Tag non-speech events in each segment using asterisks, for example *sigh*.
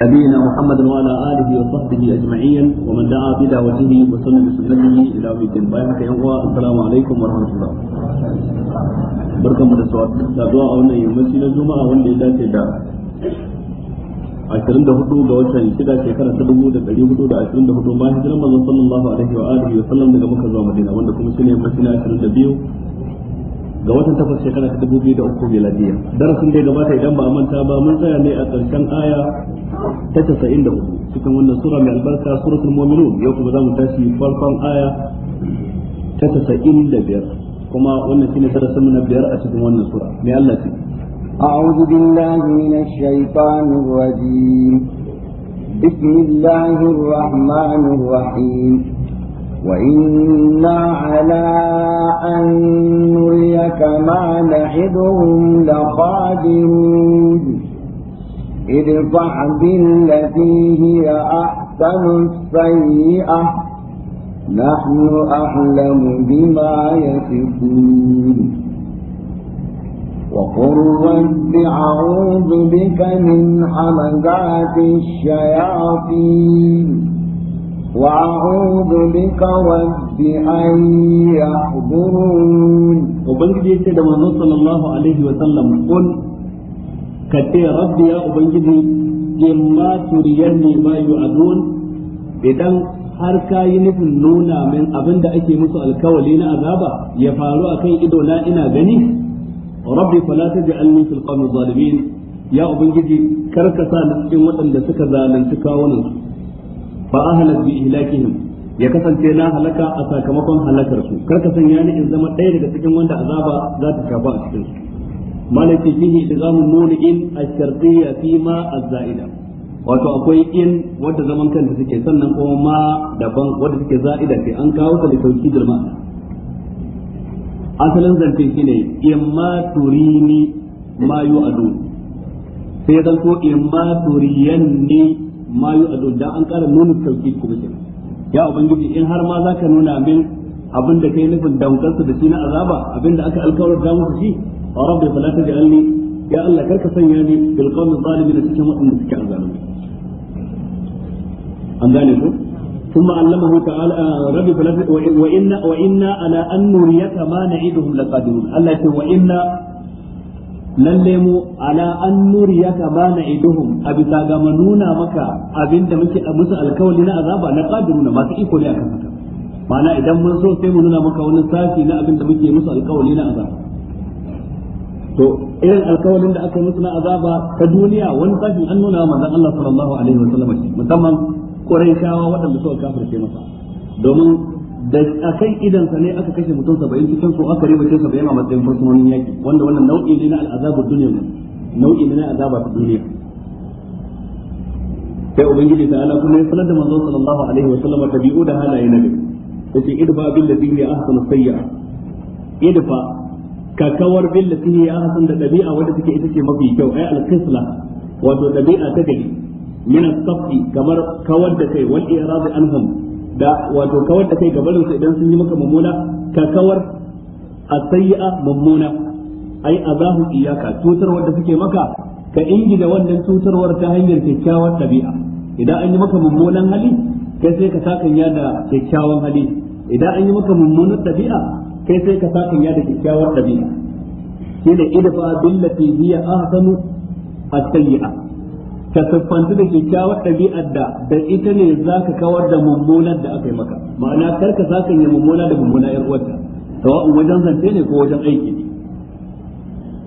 نبينا محمد وعلى آله وصحبه أجمعين ومن دعا بدعوته وسنة بسنته إلى يوم الدين بارك السلام عليكم ورحمة الله barkanmu da saduwa a wannan yammaci na juma'a wanda ya dace da 24 ga watan shida shekara ta dubu da ɗari hudu da ashirin da hudu bayan hijirar manzon sallallahu alaihi wa alihi wa sallam daga muka zuwa madina wanda kuma shine yammaci da biyu ga watan takwas shekara ta dubu biyu da uku miladiya darasin da gabata idan ba a manta ba mun tsaya ne a ƙarshen aya ta casa'in da hudu cikin wannan sura mai albarka suratul mu'minun yau kuma za mu tashi farkon aya ta casa'in da biyar kuma wannan shine darasin mu na biyar a cikin wannan sura mai Allah ce أعوذ بالله من الشيطان الرجيم بسم الله الرحمن الرحيم وإنا على أن نريك ما نَحِدُهُمْ لقادرون ادفع بالتي هي أحسن السيئة نحن أعلم بما يصفون وقل رب أعوذ بك من حمزات الشياطين وأعوذ بك رب أن يحضرون وبنجي سيدة من صلى الله عليه وسلم قل كتي ربي يا أبنجي إما تريني ما يعدون إذن har ka yi nufin nuna min abin da ake musu alkawali na azaba ya faru a kan ido na ina gani rabbi fala taj'alni fil qawmi zalimin ya ubangiji kar ka sa ni cikin waɗanda suka zalunci kawunan su Ba a ahlak bi ihlakihim ya kasance na halaka a sakamakon halakar su kar ka sanya ni in zama ɗaya daga cikin wanda azaba za ta shafa a cikin su malaki fihi idgamu nuni in ash-shartiyya fi ma az-za'ida wato akwai in wanda zaman kanta suke sannan kuma ma daban wadda suke za'ida sai an kawo ta da sauki girma asalin zance ne in ma turini ma yu'adu sai zan ko in ma turiyanni ma yu adu da an ƙara nuna sauki kuma shi ya ubangiji in har ma zaka nuna min abin da kai nufin su da shi na azaba abin da aka alkawar da musu shi a rabbi da alli ya Allah karka sanya ni bil qawmi zalimin cikin waɗanda suke azalimi an gane ko ثم علمه تعالى ربي فلا وإنا وإنا على أن نريك ما نعيدهم لقادرون الله يقول وإنا lalle mu ala an nuriyaka ma na'iduhum a bisa ga mu nuna maka abinda muke musu alkawali na azaba na na masu iko ne akan haka ma'ana idan mun so sai mu nuna maka wani sashi na abinda muke musu alkawali na azaba to irin alkawalin da aka yi musu na azaba ta duniya wani sashi an nuna ma manzon Allah sallallahu alaihi wasallam musamman Qurayshawa waɗanda suka kafirce masa domin da a kan sa ne aka kashe mutum 70 cikin su aka riba cikin 70 a matsayin fursunonin yaki wanda wannan nau'i ne na al'azabu duniya nau'i ne na azabar duniya sai ubangiji ta ala kuma ya sanar da manzo sallallahu alaihi wa sallam tabi'u da halaye na gari yace idfa bil ladhi hiya ahsanu sayyi'a idfa ka kawar bil ladhi hiya ahsan da dabi'a wanda take ita ce mafi kyau ai al-qisla wato dabi'a ta gari min as-safi kamar kawar da kai wal irad anhum da wato kawar da kai gabarin su idan sun yi maka mummuna ka kawar a asayya mummuna ai azahu iyaka tutarwar da suke maka ka ingida wannan tutarwar ta hanyar kyakkyawar ɗabi'a idan an yi maka mummunan hali kai sai ka sakan ya da kyakkyawan hali idan an yi maka mummunan ɗabi'a kai sai ka sakan ya da kyakkyawar ɗabi'a shine idfa billati hiya ahsanu as-sayyi'a ka siffanci da kyakkyawar ɗabi'ar da da ita ne za ka kawar da mummunar da aka yi maka ma'ana kar ka saka yi mummuna da mummuna yar uwarta sawa'un wajen zance ne ko wajen aiki ne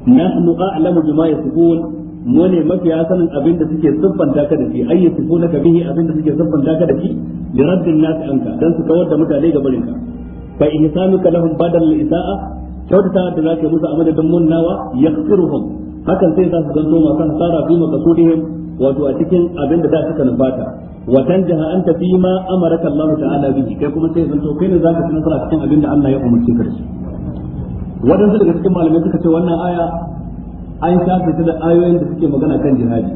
Na nahnu a'lamu bima yasifun mu ne mafiya sanin abin da suke siffanta ka da shi ay yasifuna ka bihi abin da suke siffanta ka da shi li raddin nas anka dan su kawar da mutane ga barin ka fa ihsanuka lahum badal isa'a kyautata da zaka musu a madadin munnawa yaqtiruhum hakan sai za su zanto masu hasara fi maqsudihim wato a cikin abin da za su kana bata watan tanjaha anta fi ma amaraka Allah ta'ala bihi kai kuma sai zanto kai ne za ka nasara cikin abin da Allah ya umarce ka da shi wadansu daga cikin malamai suka ce wannan aya an shafe ta da ayoyin da suke magana kan jihadi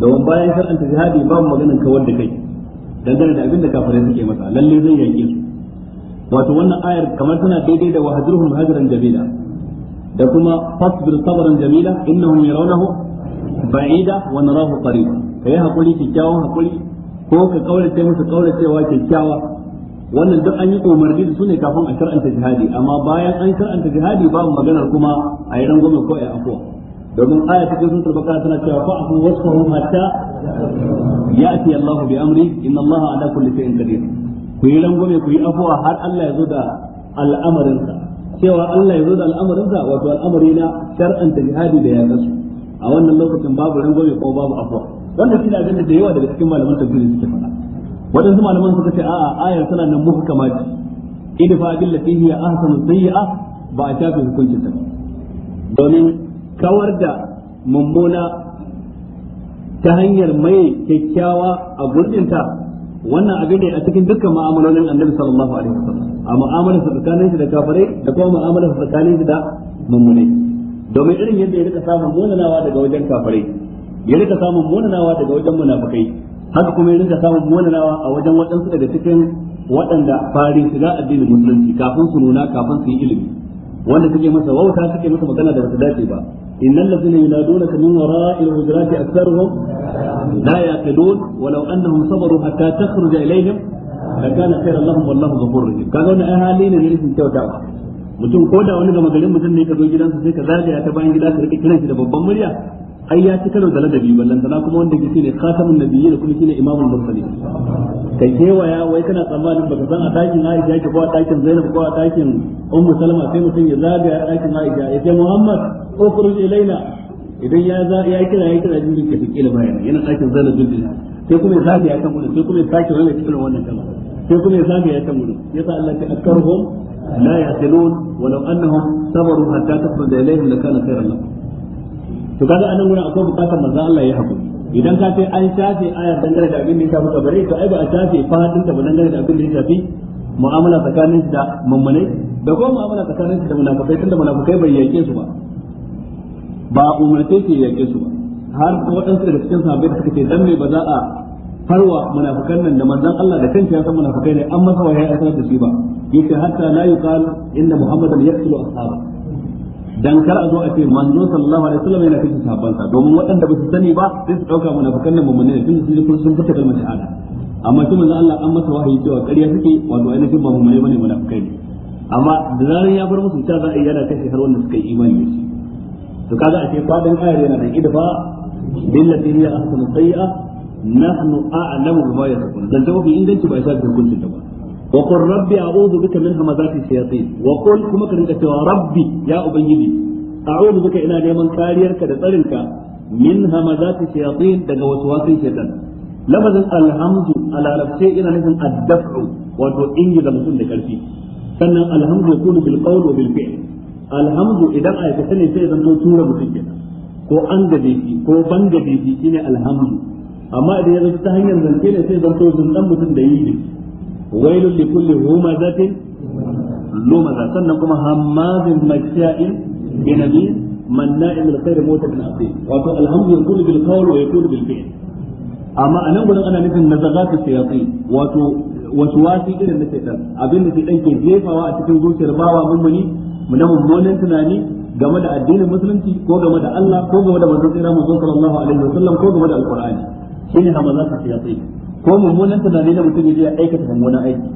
domin bayan shar'anta jihadi babu maganin kawar da kai dangane da abin da kafirai suke masa lalle zai yanke su wato wannan ayar kamar tana daidai da wahajruhum hajran jabila da kuma fasbir sabarin jamila innahum yarawnahu ba'ida wa narahu ka yi haƙuri kikkiawan haƙuri ko ka kaurace musu kauracewa kyakkyawa. wannan duk an yi umarni da su ne kafin a shar'anta jihadi amma bayan an shar'anta jihadi babu maganar kuma a yi rangwame ko a yi afuwa domin aya cikin sutar bakara tana cewa fa fa'afu wasfahu hatta ya'ti Allahu bi amri inna Allaha ala kulli shay'in qadir ku yi rangwame ku yi afuwa har Allah ya zo da al'amarinsa cewa Allah ya zo da al'amarinsa wato al'amari na shar'anta jihadi da ya kasu a wannan lokacin babu rangwame ko babu afwa wannan shine abin da da yawa daga cikin malaman tafsiri suke faɗa Waɗansu malaman suka ce a'a ayar tana nan muhkama ce idfa billati ya ahsanu sayyi'a ba a shafe hukuncin ta domin kawar da mummuna ta hanyar mai kyakkyawa a gurbinta wannan abin da a cikin dukkan mu'amalolin annabi sallallahu alaihi wasallam a mu'amalar sa tsakanin shi da kafirai da kuma mu'amalar sa tsakanin shi da mummunai domin irin yadda ya rika samun munanawa daga wajen kafirai ya rika samun munanawa daga wajen munafikai haka kuma ya rika samun munanawa a wajen waɗansu daga cikin waɗanda farin shiga addinin musulunci kafin su nuna kafin su yi ilimi wanda suke masa wauta suke masa magana da bata dace ba innal ladzina yunadunaka min wara'il hujurati aktharuhum la yaqilun walau annahum sabaru hatta takhruja ilayhim lakana khairan lahum wallahu ghafurur rahim kaga wannan ahali ne ne sun kyautawa mutum ko da wani gama garin mutum ne ka zo gidansa sai ka ya ta bayan gida ka rike kiran shi da babban murya ai ya ci karo da ladabi ballan sana kuma wanda ke shine khatamun nabiyyi da kuma shine imamul mursalin ka kewaya wai kana tsammanin baka san a dakin Aisha yake ko a dakin Zainab ko a dakin Ummu salama sai mutum ya zagaya a dakin Aisha ya ce Muhammad ukhruj ilaina idan ya za ya kira ya kira jin ka fike da bayan yana dakin Zainab bin Bilal sai kuma ya zagaya kan gudu sai kuma ya sake wannan cikin wannan kama sai kuma ya zagaya kan gudu yasa Allah ya akarhum la yaqilun walau annahum sabaru hatta tafda ilaihim lakana khairan lahum to kaga anan gurin akwai bukatar manzo Allah ya hakuri idan ka sai an shafe ayar dangane da abin da ya shafi kabare to ai ba a shafe fadin ta ba dangane da abin da ya shafi mu'amala tsakanin da mammanai da kuma mu'amala tsakanin da munafikai tunda munafikai bai yake su ba ba umarce su yake su ba har waɗansu daga cikin sahabbai da suka ce dan me ba za a farwa munafikan nan da manzon Allah da kanta ya san munafikai ne an masa waye a sanar da shi ba yace hatta la yuqal inna muhammadan yaqtulu ashabahu dan kar a zo a ce manzo sallallahu alaihi wasallam yana kashe sa domin waɗanda ba su sani ba sai su dauka munafikan nan mummune ne tun su sun fita kalmar shahada amma shi manzo Allah an masa wahayi cewa ƙarya suke wato ainihin ba mummune bane munafikai ne amma da zaran ya bar musu ta za a yi yana kashe har wanda suka yi imani da shi to kaga a ce fadan ayar yana da idfa billati hiya ahsanu sayi'a nahnu a'lamu bima yasifun dan ta bi inganci ba ya shafi hukuncin ta ba وقل ربي أعوذ بك من همزات الشياطين وقل كما كنت ربي يا أبنجي أعوذ بك إلى نيمان كارير كدترنك من همزات الشياطين دقا وسواس الشيطان لفظ الهمز على نفسه إلى نفسه الدفع وتو إنجز مسلم لكالفي sannan alhamdu yakunu bil qawl wa bil fi'l alhamdu idan a sani sai zan mutum ko an gabe shi ko ban gabe shi shine alhamdu amma idan ya zama ta hanyar zance ne sai zan zan dan mutum da yi wailul likulli humazatin lumaza sannan kuma hammazin masya'in binabi manna'in lil khair mutakin asif wato alhamdu yakulu bil qawl wa yakulu bil fi'l amma anan gurin ana nufin nazagatu shayatin wato waswasi irin na shaytan abin da shaytan ke jefawa a cikin zuciyar bawa mummuni na mummunan tunani game da addinin musulunci ko game da Allah ko game da manzon tsira manzon sallallahu alaihi wasallam ko game da alqur'ani shine hamazatu shayatin ko mummunan tunani da mutum ya aikata mummunan aiki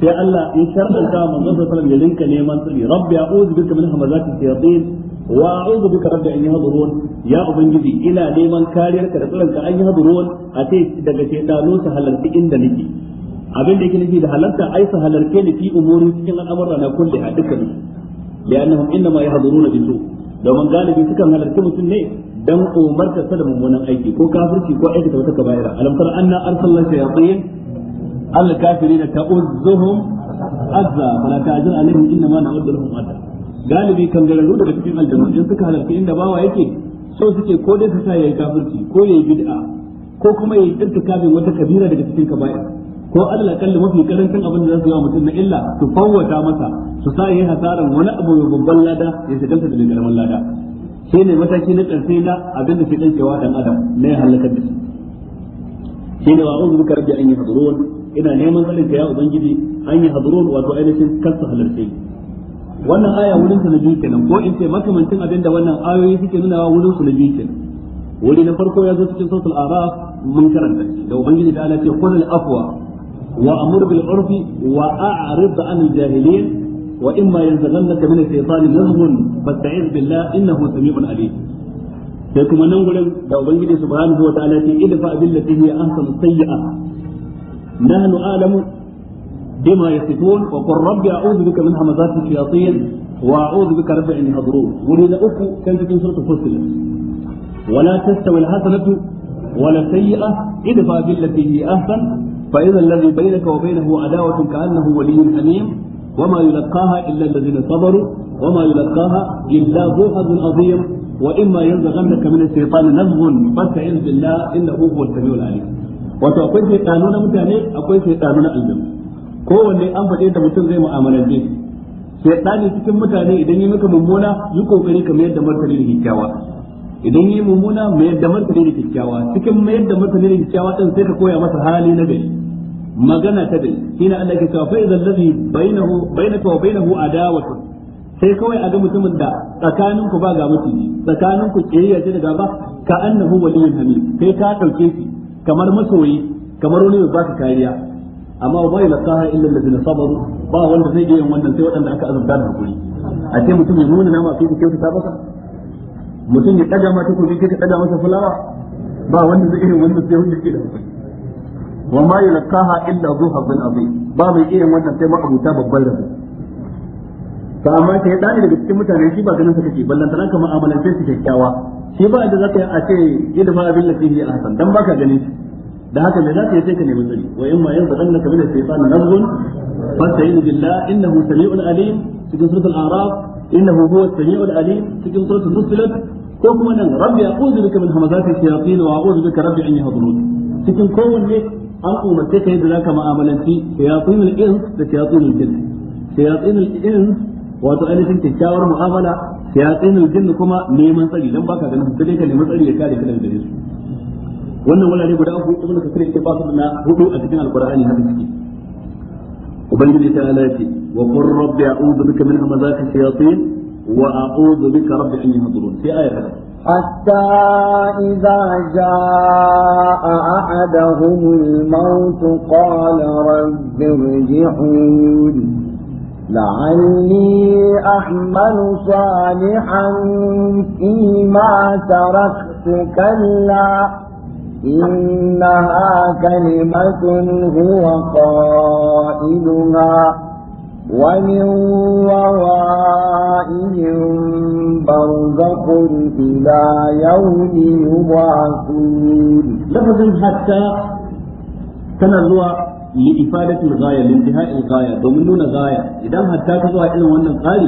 sai Allah in sharɗanta wa manzon sallallahu alaihi ya linka neman tsari rabbi a'udhu bika min hamazati shayatin wa a'udhu bika rabbi an yahdurun ya ubangiji ina neman kariyar ka da tsaron ka an yahdurun a ce daga shaytanu ta halarci inda nake abin da yake nufi da halarta ai su halarce ni fi umuri cikin al'amuran na kulli a dukkan li'annahum innama yahduruna bisu domin galibi sukan halarci mutum ne dan umarta ta da mummunan aiki ko kafirci ko aikata wata kaba'ira alam tara anna arsalna shayatin al kafirin ta'uzzuhum azza fala ta'jil alaihim inna ma na'uddu lahum adda galibi kan gararru daga cikin aljanna in suka halarci inda bawa yake so suke ko dai su sa yayi kafirci ko yayi bid'a ko kuma yayi irtikabin wata kabira daga cikin kaba'ira ko Allah kalli mafi karancin abin da za su yi wa mutum na illa su fawwata masa su sa yayi hasaran wani abu mai babban lada ya shigalta da karamin lada shi ne mataki na ƙarfi na abin da ke cewa ɗan adam na ya halakar da shi shi ne wa uzu bika rabbi an yi hadurun ina neman tsarin ka ya ubangiji an yi hadurun wato ainihin kasta halarce wannan aya wurin su na biyu kenan ko in ce makamancin abin da wannan ayoyi suke nuna wa wurin su na biyu kenan wuri na farko ya zo cikin sautul araf mun karanta da ubangiji da ala ce qul al afwa wa amur bil urfi wa a'rid an al jahilin وإما ينزغنك من الشيطان نزغ فاستعذ بالله إنه سميع عليم sai kuma nan gurin da ubangiji subhanahu wa ta'ala ce idfa billati hi ahsanu sayyi'a nahnu a'lamu bima yasifun wa qur rabbi a'udhu bika min hamazati shayatin wa a'udhu bika rabbi an yahdurun wuri da uku kan cikin suratul fusilat wala tastawi al-hasanatu wala sayyi'a idfa billati hi ahsan fa idha alladhi bainaka wa bainahu adawatun ka'annahu waliyyun hamim وما يلقاها إلا الذين صبروا وما يلقاها إلا ذو حظ عظيم وإما ينزغنك من الشيطان نزغ فاستعذ بالله إنه هو السميع العليم wato akwai shaitanu na mutane akwai shaitanu na aljanu kowanne an faɗe da mutum zai mu'amalance shaitani cikin mutane idan yi maka mummuna yi kokari ka mayar da martani da kyakkyawa idan yi mummuna mayar da martani da kyakkyawa cikin mayar da martani da kyakkyawa din sai ka koya masa hali na gari magana ta dai shine Allah ke cewa fa idza allazi bainahu bainaka wa bainahu adawatun sai kawai a ga mutumin da tsakanin ku ba ga mutunci tsakanin ku kiyayya ce daga ba ka annahu waliyyun hamid kai ka dauke shi kamar masoyi kamar wani ba ka kariya amma wa bai laqaha illa allazina sabaru ba wanda zai ga yin wannan sai waɗanda aka azabta da hakuri a ce mutum ya nuna nama kai ku ta masa mutum ya daga ma ta ku ka daga masa fulawa ba wanda zai yin wannan sai wanda ke da hakuri wa ma yulqaha illa zu hazzin azim ba mai irin wannan sai ma abuta babban rabu to amma sai dani daga cikin mutane shi ba ganin sa kake ballan tana kamar amalance shi ba da zaka a ce idfa abin latihi ahsan dan baka ganin shi da haka me zaka yi sai ka nemi tsari wa in ma yanzagannaka min shaytan nazghun fasta'in billah innahu sami'un alim cikin suratul a'raf innahu huwa as-sami'ul cikin suratul fussilat ko kuma nan rabbi a'udhu bika min a shayatin cikin kowanne an umarce ka yadda zaka mu'amalanci shayatinul ins da shayatinul jinn shayatinul ins wato ainihin kyakkyawar mu'amala shayatinul jinn kuma neman tsari dan baka ganin su dai ka neman tsari ya kare ka daga gare su wannan wurare guda uku ibnu kasir yake ba su na hudu a cikin alqur'ani haka suke ubangiji ta ala ce wa qur rabbi a'udhu bika min hamazati shayatin wa a'udhu bika rabbi an yahdurun sai ayar حتى إذا جاء أحدهم الموت قال رب ارجعون لعلي أحمل صالحا فيما تركت كلا إنها كلمة هو قائلها ومن ورائهم برزق إلى يوم يبعثون لفظ حتى تنزوى لإفادة الغاية لانتهاء الغاية domin nuna غاية idan hatta ta zuwa irin wannan tsari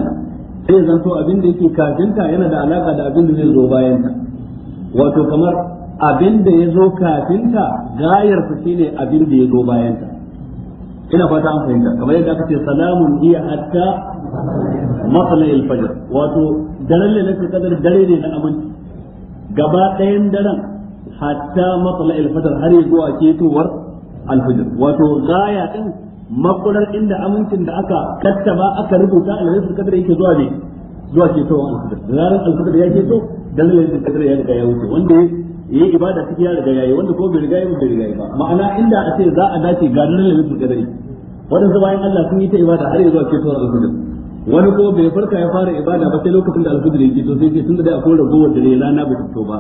sai abin da yake kafinta yana da alaka da abin da zai zo bayanta wato kamar abin da ya zo kafinta gayar ta shine abin da ya zo bayanta. ina fata an fahimta kamar yadda aka ce salamun iya hatta matsala ilfajar wato daren lailatul qadar dare ne na aminci gaba ɗayan daren hatta matsala ilfajar har yi zuwa ketowar alfajir wato gaya din makular inda amincin da aka kattaba aka rubuta a lailatul qadar yake zuwa ne zuwa ketowar alfajir ranar alfajir ya keto daren lailatul kadar ya riga ya wuce wanda yi ibada cikin ya riga yayi wanda ko bai riga yayi bai riga yayi ba ma'ana inda a ce za a dace ga daren kadar qadar waɗansu bayan Allah sun yi ta ibada har zuwa tsohon alfajir wani ko bai farka ya fara ibada ba sai lokacin da alfajir yake to sai tun da dai akwai ragowar dare rana bai fito ba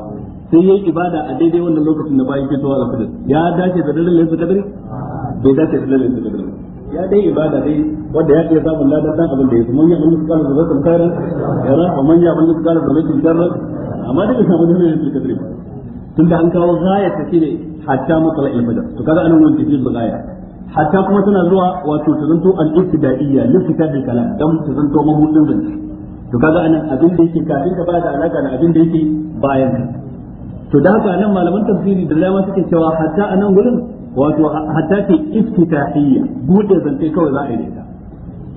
sai yi ibada a daidai wannan lokacin da bayan tsohon alfajir ya dace da dalilin lailatul kadari bai dace da lailatul kadari ya dai ibada dai wanda ya ke samun ladan dan abin da ya mun ya mun kala da zatan khairan yara wa man ya mun kala da zatan sharran amma dai samu da lailatul tun da an kawo gaya ta shine hatta mutlaq al-fajr to kaga anan wannan tafi da gaya hatta kuma tana zuwa wato ta zanto al-ibtida'iyya lifita da kalam dan ta zanto mahudin zance to kaga anan abin da yake kafin ka ba da alaka da abin da yake bayan ka to da haka nan malaman tafsiri da dama suke cewa hatta anan gurin wato hatta ce ibtida'iyya bude zance kawai za a yi ta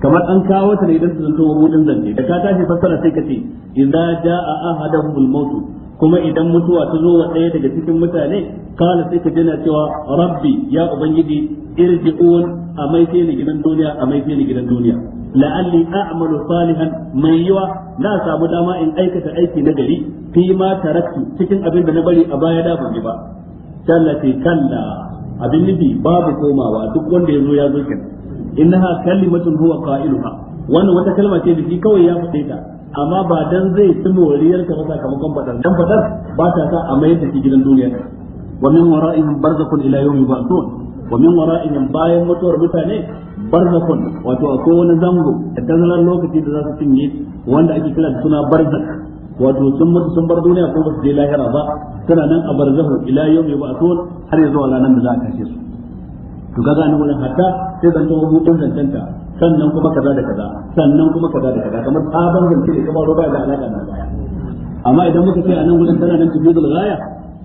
kamar an kawo ta ne idan su zanto mahudin zance da ka tashi fassara sai ka ce idza jaa ahaduhum al-maut kuma idan mutuwa ta zo wa ɗaya daga cikin mutane kala sai ka jana cewa rabbi ya ubangiji irji'un a mai sai ni gidan duniya a mai sai ni gidan duniya la'alli a'malu salihan mai yiwa na samu dama in aikata aiki na gari fi ma taraktu cikin abin da na bari a baya da ban yi ba sallati kalla abin nufi babu komawa duk wanda ya zo ya zo kenan innaha kalimatun huwa qailuha wannan wata kalma ce da shi kawai ya faɗe ta amma ba dan zai ci moriyar ka ba sakamakon fadar dan fadar ba ta sa a mayar da shi gidan duniya wa min wara'ihim barzakun ila yawmi ba'thun wa min wara'ihim bayan mutuwar mutane barzakun wato akwai wani zango da dangalan lokaci da za su cinye wanda ake kira da suna barzak wato sun mutu sun bar duniya ko ba su je lahira ba suna nan a barzahu ila yawmi ba'thun har ya zuwa ranar da za a kashe su to ga gani wurin hatta sai zanto mabudin zancanta sannan kuma kaza da kaza sannan kuma kaza da kaza kamar sabon zance da kamar roba da alaka na baya amma idan muka ce a nan wurin tana nan da ghaya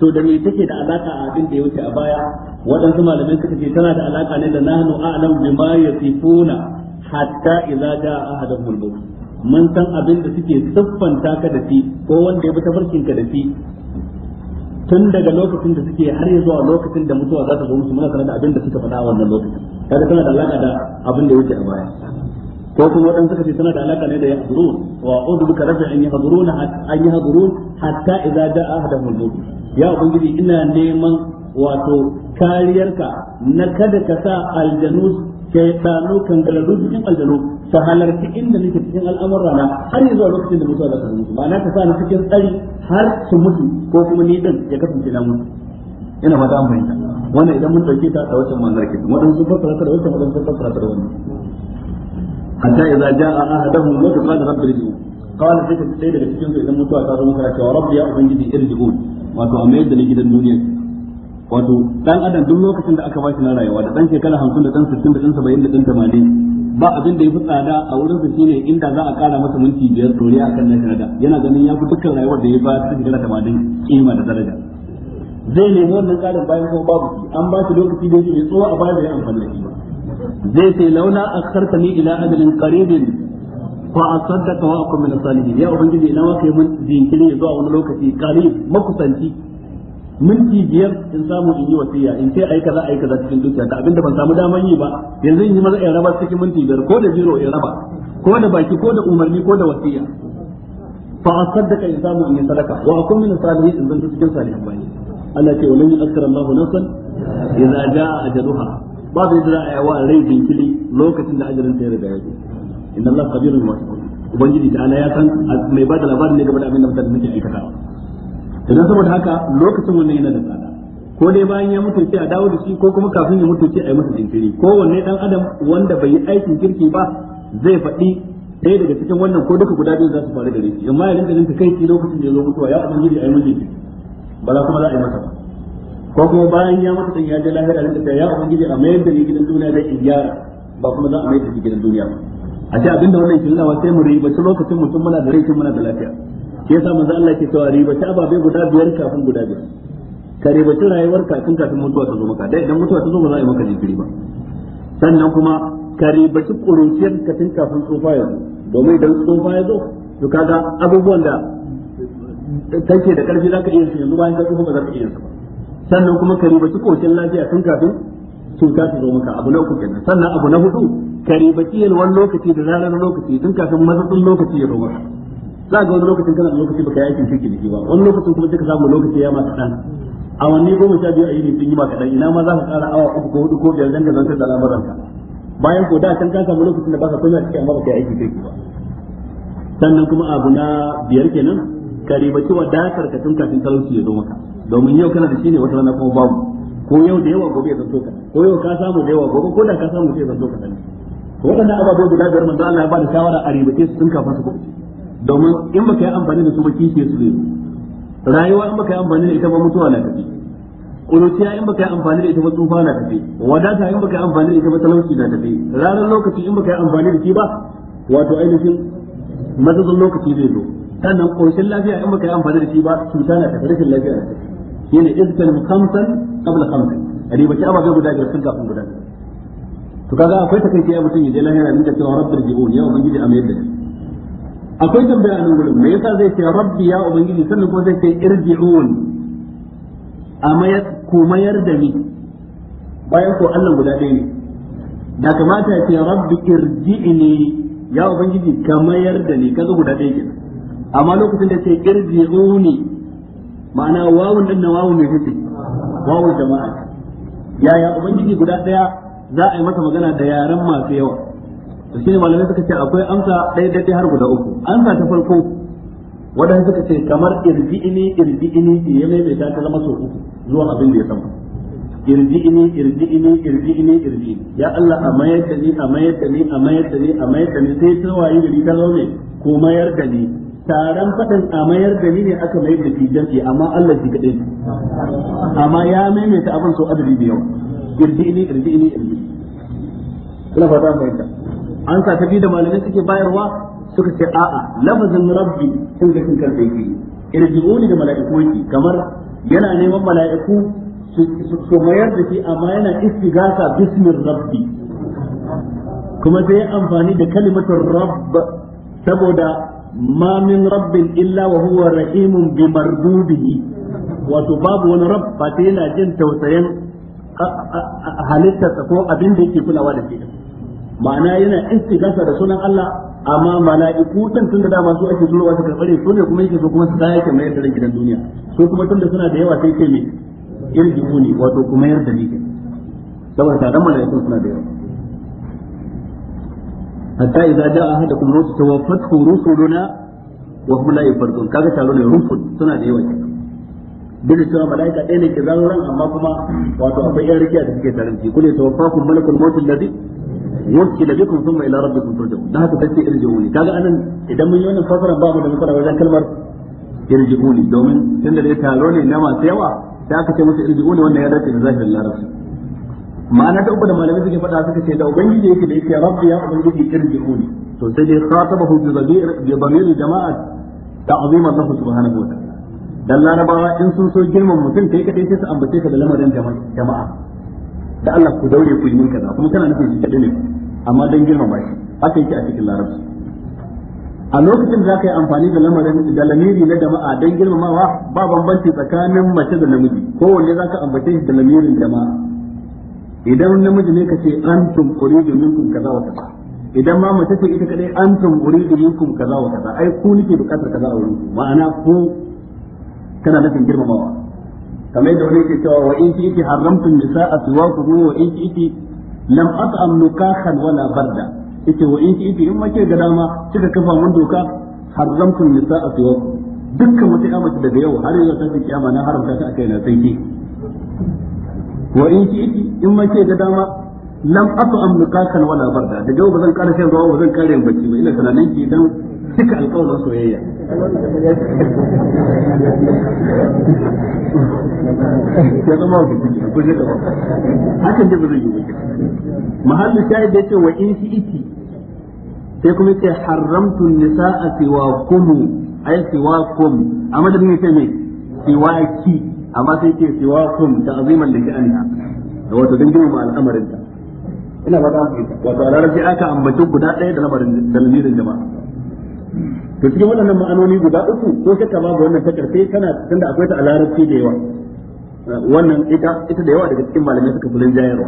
to da me take da alaka a abin da ya wuce a baya waɗansu malamai suka ce tana da alaka ne da nahnu a'lam bima yasifuna hatta idza jaa ahaduhum al-maut mun san abin da suke siffanta ka da shi ko wanda ya bi tafarkin ka da shi tun daga lokacin da suke har ya zuwa lokacin da mutuwa za ta zo musu muna sanar da abin da suka faɗa a wannan lokacin kaga tana da alaka da abin da yake a baya ko kuma wadan suka ce tana da alaka ne da ya hazuru wa a'udhu bika rabbi an yahduruna an yahdurun hatta idza jaa ahaduhum al-maut ya ubangiji ina neman wato kariyarka na kada ka sa aljanus shaytanu kan garadu cikin aljanu ta halarci inda nake cikin al'amura na har yanzu a lokacin da mutuwa za ta mutu ma'ana ta sa ni cikin tsari har su mutu ko kuma ni din ya kasance na mutu ina fata an fahimta wannan idan mun dauke ta ta wancan mangar kin wadansu fassara ta da wancan wadansu fassara ta da wannan hatta idza jaa ahaduhum wa qala rabbi rji'u qala sai ta sai daga cikin su idan mutuwa ta zo maka cewa rabbi ya ubangiji irji'u wato amma yadda ni gidan duniya wato dan adam duk lokacin da aka bashi na rayuwa da dan shekara 50 da dan 60 da dan 70 da dan 80 ba abin da yafi tsada a wurin sa shine inda za a kara masa minti biyar dore kan na da yana ganin ya fi dukkan rayuwar da ya ba ta shekara 80 kima da daraja zai nemi wannan karin bayan kuma babu an ba shi lokaci da yake tsowa a bayan da ya amfani da shi ba zai sai launa akhartani ila ajalin qaribin fa asaddaka wa akum min salihin ya ubangiji ina ma kai mun jinkiri zuwa wani lokaci qarib makusanci minti biyar in samu in yi wasiya in sai za a ayi kaza cikin dukiya ta abinda ban samu daman yi ba yanzu in yi maza in raba cikin minti biyar ko da biro in raba ko da baki ko da umarni ko da wasiya fa a saddaka in samu in yi sadaka wa akun min salihin in zanta cikin salihan bani Allah ce walan yu'akhkira Allahu nafsan idza jaa ajaluha ba zai da a wa rai dinkili lokacin da ajalin sai da yake inna Allah qadirun wa ubangiji ta ya san mai ba da labarin ne game da abin da mutane suke aikatawa idan saboda haka lokacin wannan yana da tsada ko dai bayan ya mutu sai a dawo da shi ko kuma kafin ya mutu sai a yi masa jinkiri ko wanne dan adam wanda bai yi aikin kirki ba zai faɗi ɗaya daga cikin wannan ko duka guda biyu za su faru da shi amma ya rinka kai shi lokacin da ya zo mutuwa ya ubangiji a yi masa jinkiri ba za kuma za a yi masa ba ko kuma bayan ya mutu ya je lahira rinka sai ya ubangiji a mayar da gidan duniya da in gyara ba kuma za a mayar da shi gidan duniya ba a ce abinda wannan ke sai mu ribaci lokacin mutum muna da rai muna da lafiya ke sa manzo Allah ke cewa riba ta ababe guda biyar kafin guda biyar ka riba ta rayuwar kafin kafin mutuwa ta zo maka dai idan mutuwa ta zo ba za a yi maka jinkiri ba sannan kuma ka riba ta kuruciyar kafin tsofa ya zo domin idan tsofa ya zo to kaga abubuwan da take da karfi zaka iya su yanzu bayan ka ba za ka iya su ba sannan kuma ka riba ta lafiya tun kafin cuta ta zo maka abu na uku kenan sannan abu na hudu ka riba ta yalwar lokaci da zarar lokaci tun kafin matsatsin lokaci ya zo maka za ga wani lokacin kana da lokaci baka yi aikin kirki da shi ba wani lokacin kuma sai ka samu lokaci ya ma a wani goma sha biyu a yini sun yi ma kaɗan ina ma za ka tsara awa uku ko hudu ko biyar dan ka zantar da al'amuranka bayan ko da can ka samu lokacin da baka kuma cikin amma baka yi aikin kirki ba sannan kuma abu na biyar kenan ka ribaci dakar ka tun kafin talauci ya zo maka domin yau kana da shi ne wata rana kuma babu ko yau da yawa gobe ya zanto ka ko yau ka samu da yawa gobe ko da ka samu sai ya zanto ka ne waɗannan ababai guda biyar manzo Allah ya ba da shawara a ribace su tun kafin su gobe domin in baka yi amfani da su ba kishi su zai rayuwa in baka yi amfani da ita ba mutuwa na tafi kuruciya in baka yi amfani da ita ba tsufa na tafi wadata in baka yi amfani da ita ba talauci na tafi ranar lokaci in baka yi amfani da shi ba wato ainihin matsalar lokaci zai zo sannan ƙoshin lafiya in baka yi amfani da shi ba cuta na tafi rashin lafiya na tafi shine abu khamsan qabla A riba ta ababe guda biyar sun kafin guda to kaga akwai takaici ya mutum ya je lahira ne da cewa rabbul jibun ya ubangiji a mayar da shi akwai tambaya nan gurin me yasa zai ce rabbi ya ubangiji sannan kuma zai ce irji'un amma ku mayar da ni bayan ko Allah guda ɗaya ne da kamata ya ce rabbi irji'ni ya ubangiji ka mayar da ni kaga guda ɗaya kenan amma lokacin da ce irji'uni ma'ana wawun din na wawun mai hukunci wawun jama'a yaya ubangiji guda ɗaya za a yi masa magana da yaren masu yawa to shine malamai suka ce akwai amsa ɗaya daidai har guda uku amsa ta farko wadanda suka ce kamar ini irji'ini ini ya mai ta zama sau uku zuwa abin da ya sama ini irji'ini ini irji'ini ya Allah a mayar da ni a mayar da ni a mayar da ni a mayar da ni sai tawayi gari ta zo ne ko mayar da ni taron faɗin a mayar da ni ne aka mayar da shi jam'i amma Allah shi kaɗai amma ya maimaita abin so adadi da yawa irji'ini ini irji'ini ina fata ta. an sa tafi da malamai suke bayarwa suka ce a'a lafazin rabbi sun ga kin kansa yake irji'uni da mala'iku kamar yana neman mala'iku su mayar da shi amma yana istigasa bismin rabbi kuma sai amfani da kalimatar rabb saboda ma min rabbin illa wa huwa rahimun bi mardudihi wato babu wani rabb ba sai yana jin tausayin halittarsa ko abin da yake kulawa da shi ma'ana yana istighasa da sunan Allah amma mala'iku din tun da dama su ake zuwa su karbare su ne kuma yake so kuma su tsaya ke mai da gidan duniya su kuma tun da suna da yawa sai ce me irjiuni wato kuma yarda ni saboda taron mala'iku suna da yawa hatta idza jaa ahadakum mawt tawaffathu rusuluna wa hum la yafarqun kaga taro ne rusul suna da yawa duk da cewa mala'ika ɗaya ne ke zaro ran amma kuma wato akwai yan rikiya da suke taranci kule tawaffakum malakul mautul ladhi wakila bikum thumma ila rabbikum turja'un da haka sai irji'uni kaga anan idan mun yi wannan fasara ba mu da nasara wajen kalmar irji'uni domin tunda da taro ne na masu yawa da aka ce musu irji'uni wannan ya dace da zahirin larabci ma'ana ta uku da malamai suke faɗa suka ce da ubangiji yake da yake rabbi ya ubangiji irji'uni to sai dai khatabahu bi dhamir bi dhamir jama'a ta'zima Allah subhanahu wa ta'ala dan larabawa in sun so girman mutum kai kadai sai su ambace ka da lamarin jama'a da Allah ku daure ku yi kaza kuma kana nufin shi kadai ne amma dan girmama shi haka yake a cikin larabci a lokacin da zaka yi amfani da lamarin da lamiri na jama'a dan girmamawa ba bambanci tsakanin mace da namiji kowanne zaka ambace shi da lamirin jama'a idan namiji ne ka ce antum uridu minkum kaza wa kaza idan ma mace ce ita kadai antum uridu minkum kaza wa kaza ai ku nake bukatar kaza a wurin ma'ana ku kana nufin girmamawa kamar yadda wani ke cewa wa in kiti haramtun nisa'a siwakuhu wa in kiti lam at'am nukahan wala barda yace wa in kiti in mace ga dama kika kafa mun doka haramtun a siwaku dukkan wata kama daga yau har yau ta kiyama na haramta ta akai na sai ki wa in kiti in mace ga dama lam at'am nukahan wala barda daga yau ba zan ƙara shan ruwa bazan ƙara yin bacci ba ina tunanin ki dan duka alƙawarin soyayya ya zama wa kiji ko gaba hakan da zai yi wuce mahallu shahid wa in shi iti sai kuma amma sai ta aziman da da wato ma al'amarin ta ina ba ta wato a ranar sai aka ambaci guda ɗaya da lamarin dalilin jama'a to cikin waɗannan ma'anoni guda uku ko shakka babu wannan ta karfe tana tunda akwai ta a da yawa wannan ita ita da yawa daga cikin malamai suka fulin jayarwa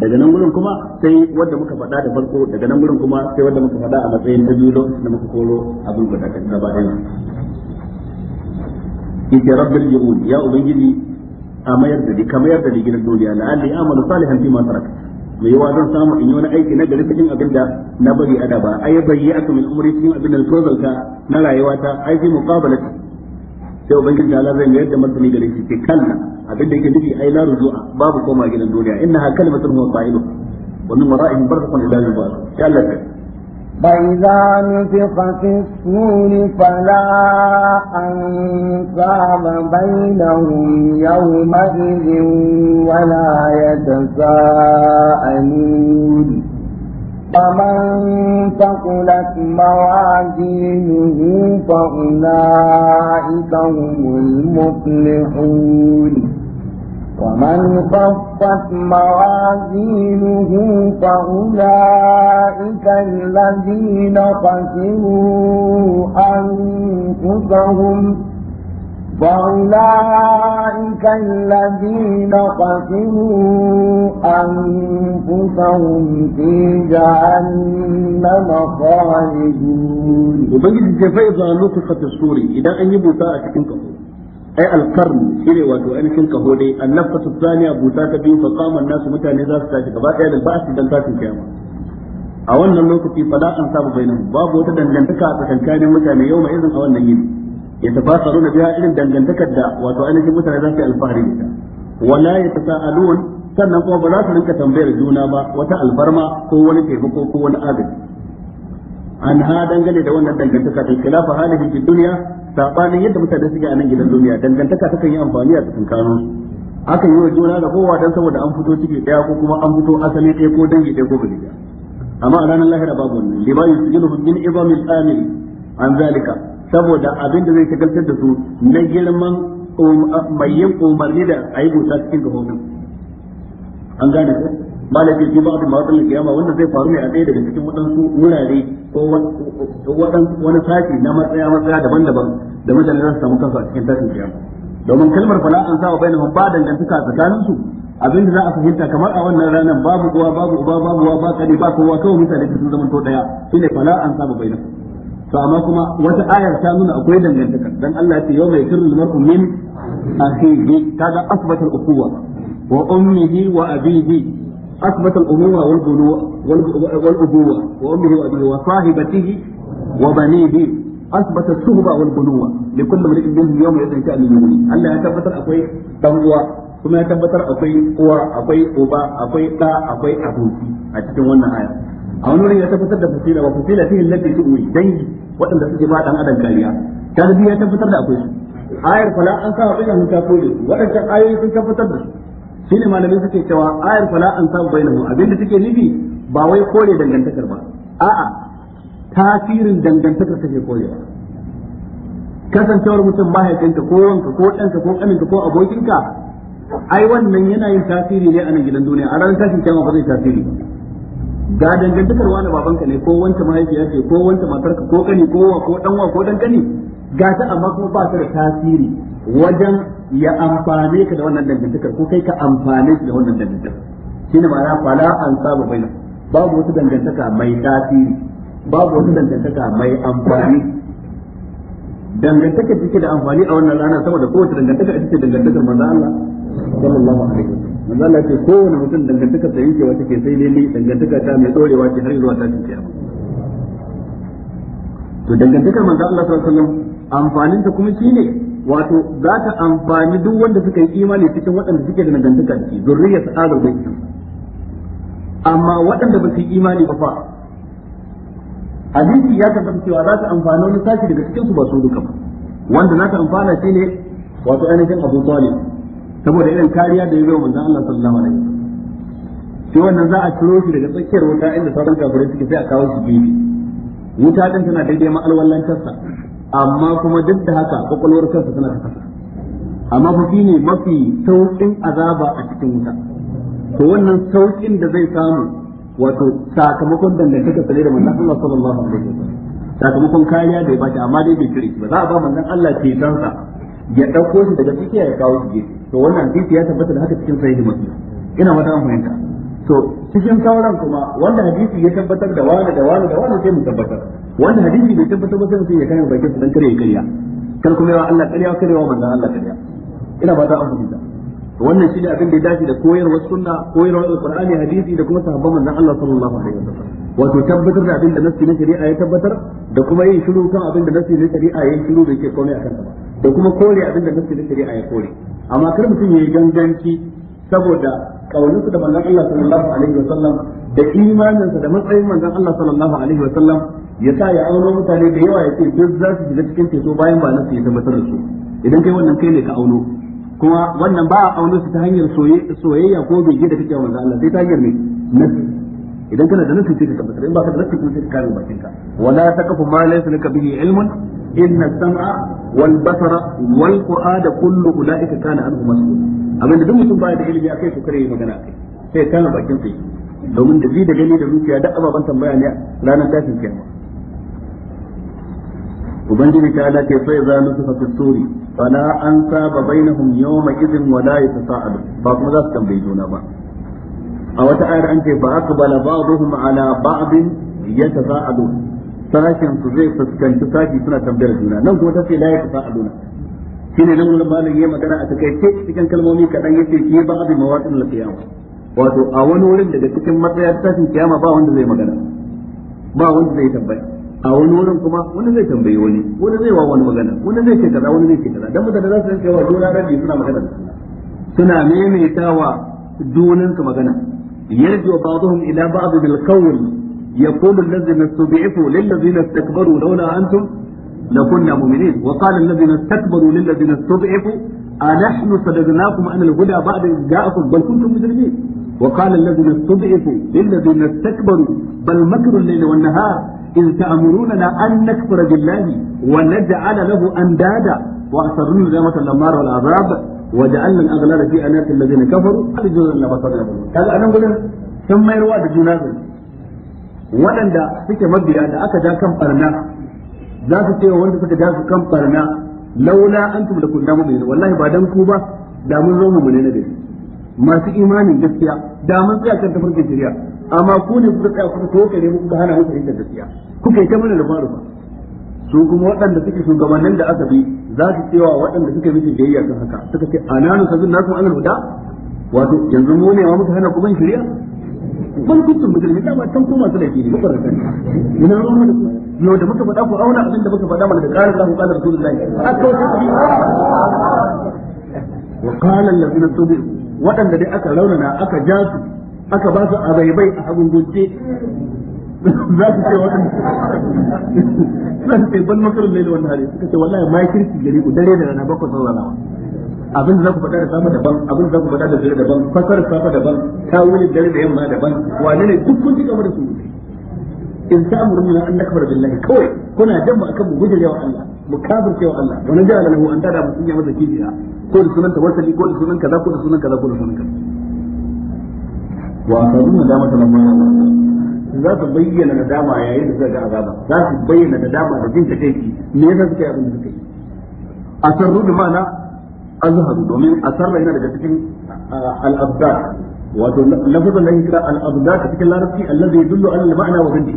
daga nan gurin kuma sai wanda muka faɗa da farko daga nan gurin kuma sai wanda muka faɗa a matsayin na biyu lokacin da muka koro abin guda kan gaba ɗaya yake rabbil yahud ya ubangiji a mayar da ni ka mayar da ni gidan duniya la'alli amalu salihan fi ma taraka mai yawa zan samu in yi wani aiki na gari cikin abin da na bari ada ba ai bayyi aka min umri cikin abin da tozalta na rayuwata ai fi muqabalati sai ubangiji da Allah zai mayar da martani gare shi ce kalla abin da yake nufi ai la rujua babu koma gidan duniya innaha kalimatun huwa qa'ilu wa min wara'ihim barzakhun ila yawm al-qiyamah فإذا نفخ في الصور فلا أنصاب بينهم يومئذ ولا يتساءلون فمن ثقلت موازينه فأولئك هم المفلحون ومن خفت موازينه فأولئك الذين خسروا أنفسهم فأولئك الذين خسروا أنفسهم في جهنم خالدون وبنجد كيف إذا نطقت السوري إذا أن يبقى أتكنكم ai alqarn shine wato ainihin kaho dai annafatu thaniya buta ta biyu fa qama nasu mutane za su tashi gaba daya da ba'si dan tashin kiyama a wannan lokaci fa an sabu bainahum babu wata dangantaka a tsakankanin mutane yau mai izin a wannan yini yatabasaruna biha irin dangantakar da wato ainihin mutane za su yi alfahari da wala yatasaalun sannan kuma ba za su rinka tambayar juna ba wata albarma ko wani taimako ko wani agaji an ha dangane da wannan dangantaka ta khilafa halihi fi dunya sabanin yadda mutane suke a nan gidan duniya dangantaka ta kan yi amfani a cikin kanun akan yi wa juna da kowa dan saboda an fito ciki daya ko kuma an fito asali ɗaya ko dangi ɗaya ko kabila amma a ranar lahira babu wannan lima yusjiluhum min al amil an zalika saboda abin da zai shagaltar da su na girman um, mai yin umarni da a yi bauta cikin gahonin an gane ko malafi ji ba da mawatar kiyama wanda zai faru ne a ɗaya daga cikin waɗansu wurare ko wani sashi na matsaya matsaya daban-daban da mutane za su samu kansu a cikin tashin kiyama domin kalmar fala an sa wa bainahum ba dangantaka a su abin da za a fahimta kamar a wannan ranar babu uwa babu uba babu uwa ba kare ba kowa kawai mutane sun zama to daya shine fala an saba bainahum to amma kuma wata ayar ta nuna akwai dangantaka dan Allah ya ce yau mai kirru mar'u min akhihi kaga asbatal ukuwa wa ummihi wa abihi أثبت الأمومة والأبوة وأمه وأبيه وصاحبته وبنيه أثبت الشهبة والبنوة لكل امرئ منهم يوم يدعي شأن يغني ألا يتبتر أقوي دموة kuma ya tabbatar akwai uwa akwai uba akwai da akwai aboki a cikin wannan aya a wani wurin ya tabbatar da fasila wa fasila fihi allati tuwi dangi waɗanda suke ba dan adam kariya tarbiya tabbatar da akwai su ayar fala an sa wa bilan ta ayoyi sun tabbatar da su shine malamai suke cewa ayar fala an sabu Abin abinda take nufi ba wai kore dangantakar ba a'a tasirin dangantakar take korewa kasancewar mutum mahaifinka ko wanka ko ɗanka ko ƙaninka ko abokinka ai wannan yana yin tasiri ne a nan gidan duniya a ranar tashin kyamma ba zai tasiri ga dangantakar wani babanka ne ko wancan mahaifiya ce ko wancan matarka ko kani ko wa ko ɗanwa ko ɗan ƙani, ga ta amma kuma ba ta da tasiri wajen ya amfane ka da wannan dangantakar ko kai ka amfane shi da wannan dangantakar ne ma'ana fala an saba bai babu wata dangantaka mai tasiri babu wata dangantaka mai amfani dangantakar take da amfani a wannan rana saboda kowace dangantaka ita ce dangantakar manzo Allah sallallahu alaihi wasallam manzo Allah ce kowane mutum dangantakar da yake wata ke sai lele dangantaka ta mai dorewa ce har zuwa ta kiyama to dangantakar manzo Allah sallallahu alaihi wasallam amfanin ta kuma shine wato za ta amfani duk wanda suka yi imani cikin waɗanda suke da nagantaka da shi zurriyar sa'adar bai amma waɗanda ba su yi imani ba fa hadisi ya tabbata cewa za ta amfana wani sashi daga cikin su ba su duka ba wanda za ta amfana shi ne wato ainihin Abu Talib saboda irin kariya da ya bai manzon Allah sallallahu alaihi wasallam shi wannan za a ciro shi daga tsakiyar wuta inda sauran kafirai suke sai a kawo shi gefe wuta din tana daidai ma alwallantarsa amma kuma duk da haka kwakwalwar kansa tana ta kasa amma shi ne mafi sauƙin azaba a cikin wuta to wannan sauƙin da zai samu wato sakamakon dangantaka sare da manzon Allah sallallahu alaihi wasallam sakamakon kariya da ya bashi amma dai bai cire ba za a ba manzon Allah ke tansa ya dauko shi daga cikin ya kawo shi to wannan hadisi ya tabbata da haka cikin sahihi muslim ina mata fahimta to cikin sauran kuma wanda hadisi ya tabbatar da wani da wani da wani sai mu tabbatar wanda hadisi bai tabbatar ba sai ya kai bakin dan kare kariya kan kuma ya Allah kariya kare wa manzon Allah kariya ina ba za an fahimta wannan shine abin da ya dace da koyarwar sunna koyarwar alqur'ani hadisi da kuma sahabban manzon Allah sallallahu alaihi wasallam wato tabbatar da abin da nasi na shari'a ya tabbatar da kuma yin shiru kan abin da nasi na shari'a ya shiru bai ke komai akan ba da kuma kore abin da nasi na shari'a ya kore amma kar mutum ya yi ganganci saboda kaulinsu da manzon Allah sallallahu alaihi wa sallam da imaninsa da matsayin manzon Allah sallallahu alaihi wa sallam ya sa ya auno mutane da yawa ya ce duk za su shiga cikin ceto bayan ba nasu ya tabbatar da su idan kai wannan kai ne ka auno kuma wannan ba a auno su ta hanyar soyayya ko bege da kake manzon Allah sai ta hanyar ne nasu idan kana da nasi sai ka tabbatar in baka da nasi kuma sai ka kare bakin ka wala taqfu ma laysa laka bihi ilmun inna sam'a wal basara wal fuada kullu ulaika kana anhu mas'ul abin da duk mutum baya da ilimi akai to kare yi magana akai sai kana bakin sai domin da ji da gani da zuciya da ababan tambaya ne ranar tashin kiyama ubangiji ta ala ke sai za nusu fa turi fala an saba bainahum yawma idin wala yatasaalu ba kuma za su tambaye juna ba a wata ayar an ce ba aqbala ba'dhum ala a yatasaalun sashen su zai fuskanci sashi suna tambayar juna nan kuma tace duna shi ne nan wani malam yayi magana a takaice cikin kalmomi kadan yace shi ba'd mawaqin al-qiyama wato a wani wurin daga cikin matsayar tashin kiyama ba wanda zai magana ba wanda zai tambaya a wani wurin kuma wani zai tambayi wani wani zai wa wani magana wani zai ce kaza wani zai ce kaza dan mutane za su rinka yawa juna rabi suna magana da suna suna maimaitawa junansu magana يرجع بعضهم إلى بعض بالقول يقول الذين استضعفوا للذين استكبروا لولا أنتم لكنا مؤمنين وقال الذين استكبروا للذين استضعفوا أنحن صددناكم عن الهدى بعد إذ جاءكم بل كنتم مجرمين وقال الذين استضعفوا للذين استكبروا بل مكروا الليل والنهار إذ تأمروننا أن نكفر بالله ونجعل له أندادا وأسروا الندامة الأمار والعذاب وجعلنا الأغلال في أناس الذين كفروا أرجونا لما صدر هذا أنا أقول ثم يروى دجونا waɗanda suke mabiya da aka ja kan barna za su ce wanda suka ja su kan barna laula antum da kunna mu'minin wallahi ba dan ku ba da mun zo mu ne na gari masu imanin gaskiya da mun tsaya kan tafarkin shari'a amma ku ne kuka tsaya kuka tokare mu kuka hana mu fahimtar gaskiya kuka yi ta mana su kuma waɗanda suke shugabannin da aka bi za su cewa waɗanda suka miki biyayya kan haka suka ce a nanu sabin nasu ma'anar huda wato yanzu mu ne ma muka hana kuma shari'a ban kuntum mujrimi da ma tan kuma su da fili ba barka ina ruwan da yau da muka faɗa ku auna abin da muka faɗa mana da ƙarin Allah ƙarin Rasulullahi wa qala na tubu waɗanda dai aka raunana aka ja su aka ba su abaibai a abin gunce za su ce waɗanda za su ce ban makarin laila wannan hari suka ce wallahi ma kirki gari ku dare da rana bakwai sallama abin da za ku faɗa da safa daban abin da za ku faɗa da dare daban fasar safa daban tawilin dare da yamma daban wane ne duk kun ci gaba da su in ta amuruna an nakbar billahi kawai kuna jamba akan mu gujewa Allah mu kafirce wa Allah wani jihar lahu an tada mutum ya masa kibiya ko da sunan tawassali ko da sunan kaza ko da sunan kaza ko da sunan kaza wa asabuna da mata lamma za su bayyana nadama yayin da suka ga azaba za su bayyana nadama da jin takeici me yasa suka yi abin da suka yi asarru bi ma'ana azharu domin asarra yana daga cikin ah, al-abdar wato lafazin da yake kira al-abdar cikin larabci allazi yadullu ala al-ma'na wa bidi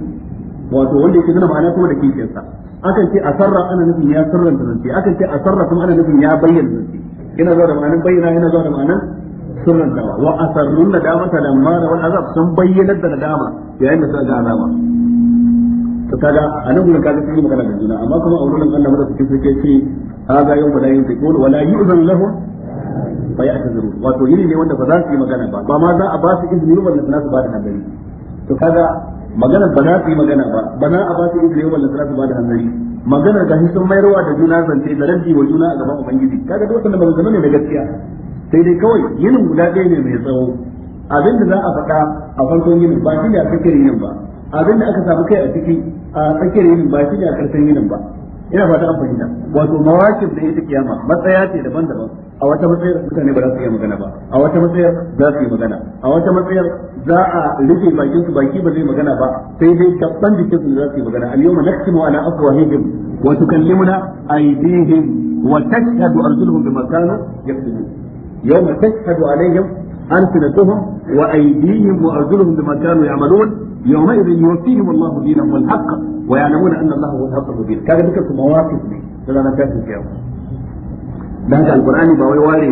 wato wanda yake nuna ma'ana kuma da kishiyar sa akan ce asarra ana nufin ya sirranta zance akan ce asarra kuma ana nufin ya bayyana zance yana zuwa da ma'anan bayyana yana zuwa da ma'anan sirrantawa wa asarrun nadama lamma rawal azab sun bayyana da nadama yayin da suka ga alama to kaga nan gurin kaga sun yi magana da juna amma kuma a wurin Allah madaka cikin sarki ce haza yau bada yin tikul wala yu'zan lahu fa ya'tazuru wato yini ne wanda ba za su yi magana ba ba ma za a ba su izini ba da su ba da hanzari to kaga magana ba za su yi magana ba ba na a ba su izini ba da su ba da hanzari magana ga shi sun mayarwa da juna zance da rabbi wa juna a gaban ubangiji kaga duk wanda ba zama ne da gaskiya sai dai kawai yinin guda ɗaya ne mai tsawo abin da za a faɗa a farkon yinin ba shi ne a tsakiyar yinin ba abin da aka samu kai a ciki a tsakiyar yinin ba shi ne a karshen yinin ba ina fata an fahimta wato mawakin da ita kiyama matsaya ce daban-daban a wata matsayar mutane ba za su iya magana ba a wata matsayar za su yi magana a wata matsayar za a rufe bakin su baki ba zai magana ba sai dai gaban jikin su za su yi magana al-yawma naktimu ala afwahihim wa tukallimuna aydihim wa tashhadu arjuluhum bima kanu yaktubun yawma tashhadu alaihim ألسنتهم وأيديهم وأرجلهم بما كانوا يعملون يومئذ يوفيهم الله دينهم الحق ويعلمون أن الله هو الحق المبين كذا ذكر مواقف لنا نكاس القيامة da haka alkur'ani ba wai ware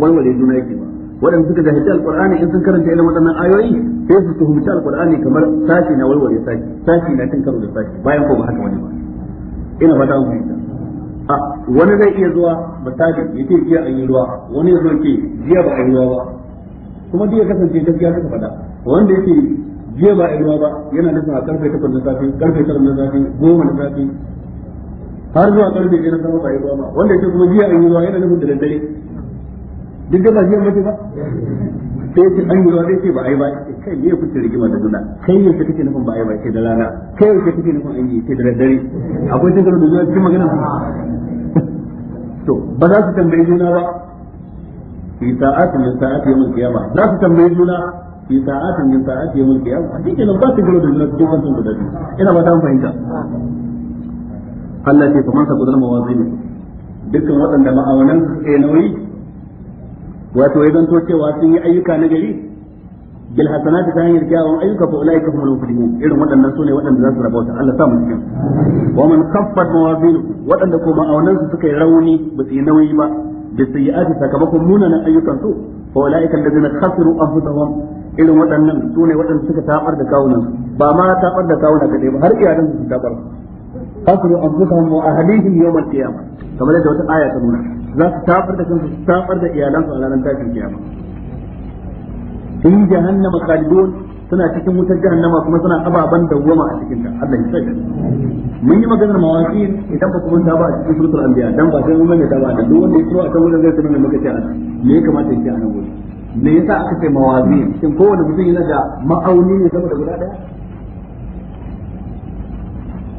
walwale juna yake ba waɗanda suka jahilci alkur'ani in sun karanta irin waɗannan ayoyi sai su tuhumci alkur'ani kamar sashi na walwale sashi sashi na cin karo da sashi bayan ko ba haka wani ba ina fata mu fahimta a wani zai iya zuwa misali ya ce jiya an yi ruwa wani zai ke jiya ba a yi ruwa ba kuma duk ya kasance gaskiya suka faɗa wanda yake jiya ba a ruwa ba yana nufin a karfe takwas na safe karfe tara na safe goma na safe har zuwa karfe ɗaya na sama ba a ruwa ba wanda yake kuma jiya a ruwa yana nufin da daddare duk da ba jiya mace ba sai ce an ruwa dai ce ba a yi ba kai me kuke rigima da juna kai yaushe kake nufin ba a yi ba sai da rana kai yaushe kake nufin an yi ke da daddare akwai tattara da zuwa cikin magana *laughs* to ba za su tambayi juna ba fi sa'atin min sa'ati yawmil qiyamah za su tambaye juna fi sa'atin min sa'ati yawmil qiyamah dike nan ba su gano da juna cikin wannan guda biyu ina ba ta fahimta dukkan waɗanda ma'aunan su ke nauyi wato ya zanto cewa sun yi ayyuka na gari bil hasanati ta hanyar kyawun ayyuka fa ulaika humul muflihun irin waɗannan sune waɗanda za su rabauta Allah ta mu cikin wa man khaffat mawazin waɗanda ko ma'aunan su suka yi rauni ba su yi nauyi ba bisayi'ati sakamakon munanan ayyukan su fa ulaika allazina khasiru anfusahum irin waɗannan su waɗanda suka tabar da kawunan ba ma tabar da kawunan kadai ba har iyalan su tabar khasiru anfusahum wa ahlihim yawm al-qiyamah kamar da wata aya ta nuna za su tabar da su da iyalan su suna cikin wutar jahannama kuma suna ababan da dawwama a cikin ta Allah ya saka mun yi maganar mawaki idan ba kuma ta ba a cikin suratul anbiya dan ba sai mun ne ta ba da duk wanda ya tsoro a kan wurin zai tsoro ne muka ce me ya kamata ya ce a nan gobe? me yasa aka ce mawazin shin kowane mutum yana da ma'auni ne sama da guda daya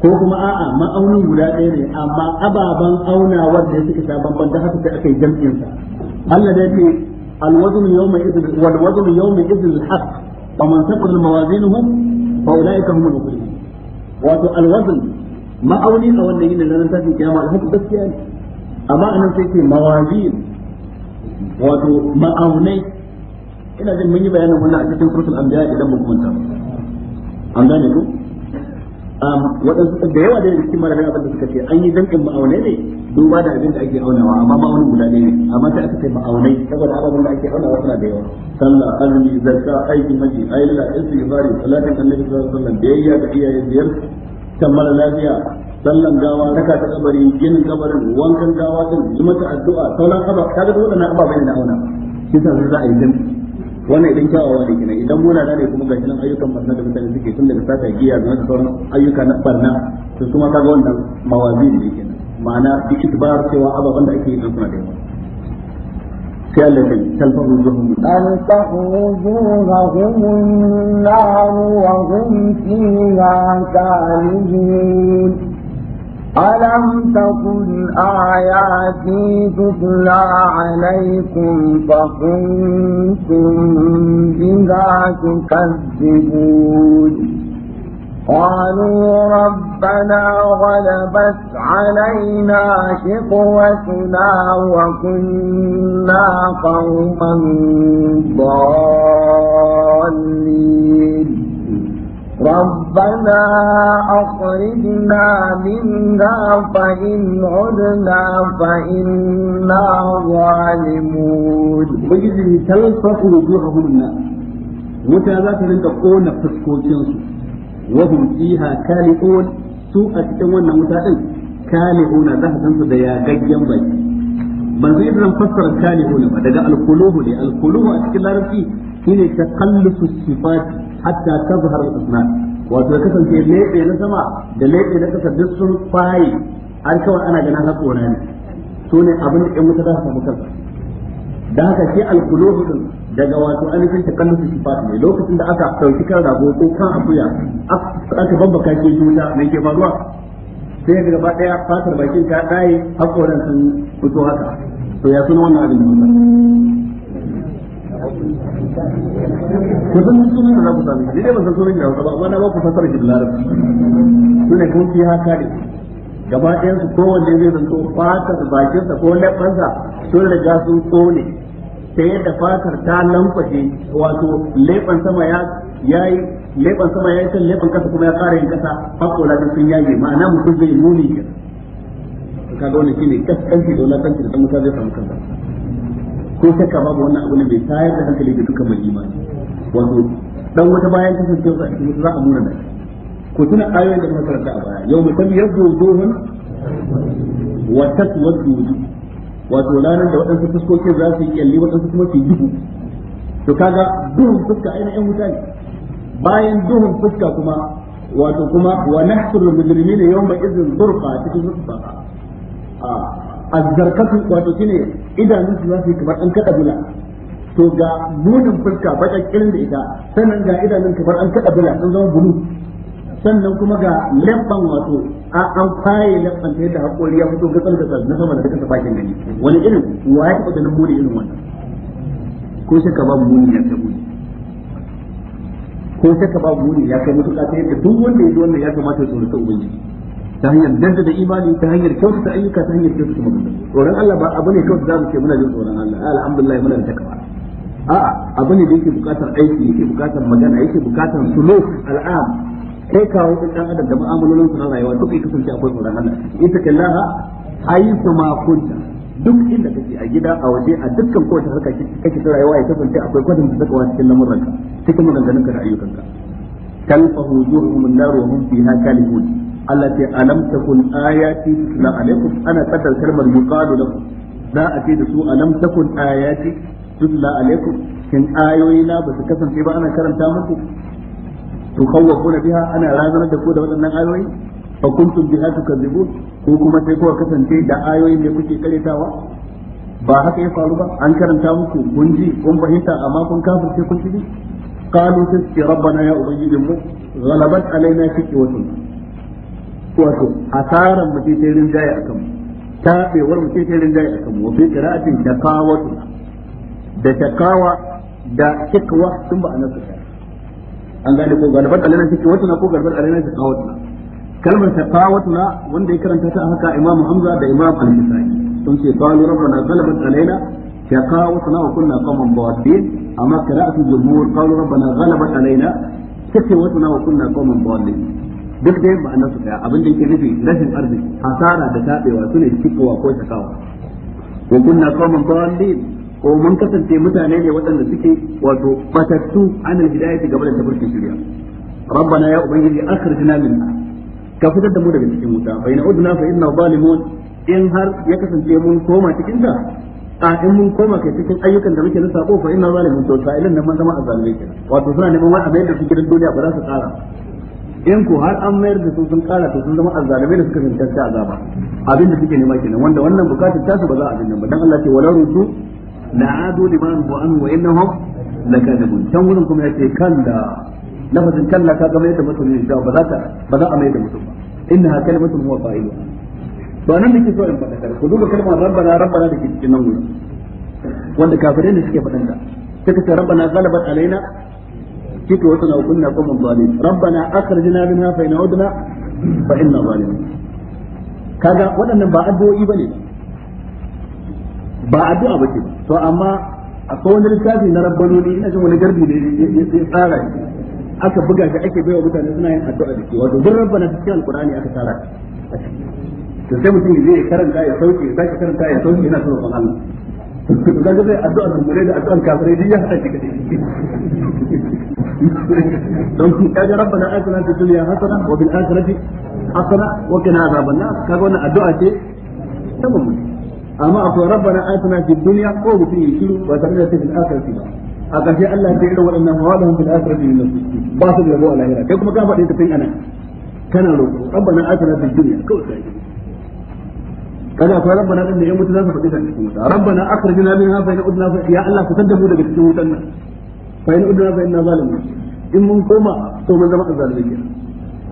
ko kuma a'a ma'aunin guda ɗaya ne amma ababen aunawar da suka sha bamban da haka sai aka yi jam'in sa Allah da yake alwazn yawma idh walwazn yawma idh alhaq fa man saqal mawazinuhum fa ulaika wato ma'auni a wannan yin ranar kiyama da haka gaskiya ne amma anan sai ce mawazin wato ma'aunai ina jin mun yi bayanin wannan a cikin suratul anbiya idan waɗansu da yawa da cikin malamai abin da suka ce an yi dankin ma'aunai ne duba da abin da ake aunawa amma ma'aunin guda ne amma sai aka ce ma'aunai saboda abin da ake aunawa suna da yawa sallah azumi zakka aiki maji ayyuka istighfari salatin annabi sallallahu alaihi wasallam biyayya ga iyaye biyar kammala lafiya sallan gawa raka ta kabari ginin kabarin wankan gawa din zuma ta addu'a sauran aba kaga da na ababai na auna shi sa za a yi dankin wannan idan kyawawa ne kenan idan muna munana ne kuma ga nan ayyukan barna da mutane suke tun daga sata giya da wasu sauran ayyuka na barna to su ma kaga wannan mawazi ne kenan ma'ana duk itbar cewa ababen da ake yi don suna da yawa sai Allah ta talfa wujuhum an tahwujuhum an-nar wa hum fiha kalihun ألم تكن آياتي تتلى عليكم فكنتم بها تكذبون قالوا ربنا غلبت علينا شقوتنا وكنا قوما ضالين ربنا أخرجنا منها فإن عدنا فإنا ظالمون بجد تلفق وجوههم النار متى ذات لنتقون فسكوتين وهم فيها كالئون سوء تتوانا متى كالئون ذهبا تنسى ديا جيا بيت ban zai zan fassara kalihu ne ba daga alkuluhu ne alkuluhu a cikin larabci shine takallufu sifati hatta tazhar al-isnad wato ya kasance lebe na sama da lebe na kasa duk sun fayi har kawai ana ganin haƙora ne su ne abin da ƴan wuta za su samu kansa da haka shi al-qulubu daga wato ta kallon sifat ne lokacin da aka dauki kan rago ko kan akuya aka babbaka ke juna mai ke faruwa sai daga gaba daya fatar bakin ka dai hakoran sun fito haka to ya suna wannan abin da ku san sunan da za ku sami ni dai ban san sunan da ba amma na ba ku fasara shi da larabci sune kun fi haka ne gaba ɗayan su kowanne zai zanto fatar bakinsa ko leɓansa sun riga sun kone ta yadda fatar ta lamfashe wato leɓan sama ya yayi leɓan sama ya yi kan leɓan kasa kuma ya ƙara yin kasa haƙola da sun yage ma'ana mutum zai nuni kenan kaga wannan shine kaskanci da wulakanci da mutum zai samu kansa ko shakka babu wannan abu ne bai tayar da hankali ga dukkan mai imani wato dan wata bayan kasancewa a cikin za a nuna da ko tuna ayoyin da muka karanta a baya yau mai mutum ya zuzuhun wa taswadu wato ranar da waɗansu fuskokin za su yi kyalli waɗansu kuma su yi duhu to kaga duhun fuska ainihin wuta ne bayan duhun fuska kuma wato kuma wa nahsul mujrimina yawma idhin zurqa cikin zurqa a ah, azzarkatu wato shine idanun su zasu kamar an kada bula to ga munin fuska baƙar kirin da ita sannan ga idanun kamar an kada bula sun zama bulu sannan kuma ga lamban wato a an faye lamban ta yadda haƙori ya fito ga gatsar na sama da kasa bakin gani wani irin wa ya taɓa ganin muni irin wannan ko ka ba muni ya kai muni ko ka ba muni ya kai ka ta yadda duk wanda ya zo wannan ya kamata ya ta ubangiji ta hanyar da imani ta hanyar kyautata ayyuka ta hanyar kyautata magana tsoron Allah ba abu ne kawai zamu ce muna jin tsoron Allah alhamdulillah muna da takawa a'a abu ne da yake bukatar aiki yake bukatar magana yake bukatar suluk al'am kai kawo ɗin ɗan adam da mu'amalolin na rayuwa duk ya kasance akwai tsoron Allah ita kallaha ayyuka ma kunta duk inda kake a gida a waje a dukkan kowace harka kake ta rayuwa ya kasance akwai kwatanta takawa cikin lamuranka cikin maganganunka da ayyukanka kalfahu wujuhum an-nar wa hum fiha kalihun Allah ce alam takun ayati la alaikum ana kadar kalmar yuqalu lakum da a ce da su alam takun ayati tutla alaikum kin ayoyi na ba su kasance ba ana karanta muku to khawwafuna biha ana razanar da ku da waɗannan ayoyi fa kuntum biha tukadzibun ko kuma sai kowa kasance da ayoyin da kuke karetawa ba haka ya faru ba an karanta muku kun ji kun fahimta amma kun kafirce kun ji qalu sai rabbana ya ubangijinmu ghalabat alaina shiqwatuna wato asaran mutum sai rinjaye akan mu tabewar mutum sai rinjaye akan mu wafi da shaqawatu da shaqawa da shakwa sun ba anan suka an gane ko galibar alana suke wata ko galibar alana suka kawo kalmar shaqawatu na wanda ya karanta ta haka imamu hamza da imam al-misai sun ce qalu rabbana ghalabat alaina shaqawatuna wa kunna qawman bawadin amma qira'atul jumhur qalu rabbana ghalabat alaina shaqawatuna wa kunna qawman bawadin duk da yin annan su daya abin da yake nufi rashin arziki hasara da tabewa ne cikowa ko takawa ko kunna kawman dallin ko mun kasance mutane ne waɗanda suke wato batattu an alhidayati game da tafarkin shirya rabbana ya ubangiji akhrijna minha ka fitar da mu daga cikin wuta fa udu udna fa inna zalimun in har ya kasance mun koma cikin ta a in mun koma kai cikin ayyukan da muke na sako fa inna zalimun to sa'ilan nan mun zama azalimai wato suna neman wani abin da suke da duniya ba za su tsara in ko har an mayar da su sun kara to sun zama azzalimai da suka cancanta azaba abinda suke nema kenan wanda wannan bukatar tasu ba za a abin nan ba dan Allah ce wala rusu la'adu liman wa an wa innahum lakadibun can wurin kuma yace kalla lafazin kalla ka ga mai da mutum ne ba za ta ba za a mai da mutum ba innaha kalimatun huwa qa'ilu to anan da ke so in faɗa ku duba kalmar rabbana rabbana da ke cikin nan wurin wanda kafirai ne suke faɗan ta suka ce rabbana ghalabat alaina kitu fitwatan na kuma qawman zalimin rabbana akhrijna minha fa in udna fa inna zalimin kaga waɗannan ba addu'o'i bane ba addu'a bace to amma akwai wani littafi na rabbanoni ina jin wani garbi ne ya tsara aka buga shi ake baiwa mutane suna yin addu'a da ke wato duk rabbana cikin alqur'ani aka tsara to sai mutum ya je ya karanta ya sauke ya sake karanta ya sauke yana son Allah to kaga zai addu'a da mure da addu'an kafirai duk ya hada shi kadai don shi kaga rabbana atina fid dunya hasana wa bil akhirati hasana wa qina azaban nar kaga wannan addu'a ce ta mu amma akwai rabbana atina fid dunya ko mutum ya shiru ba tare da fil akhirati a kashe Allah ta irin waɗannan mawadahum fil akhirati min nasib ba su da rabo lahira kai kuma ka faɗi ta tun anan kana roƙo rabbana atina fid dunya kawai sai kaga akwai rabbana din da na mutu za su faɗi ta cikin wuta rabbana akhrijna na fa ya Allah fitar da mu daga cikin wutan nan fa in udna fa inna zalimun in mun koma to mun zama azalimi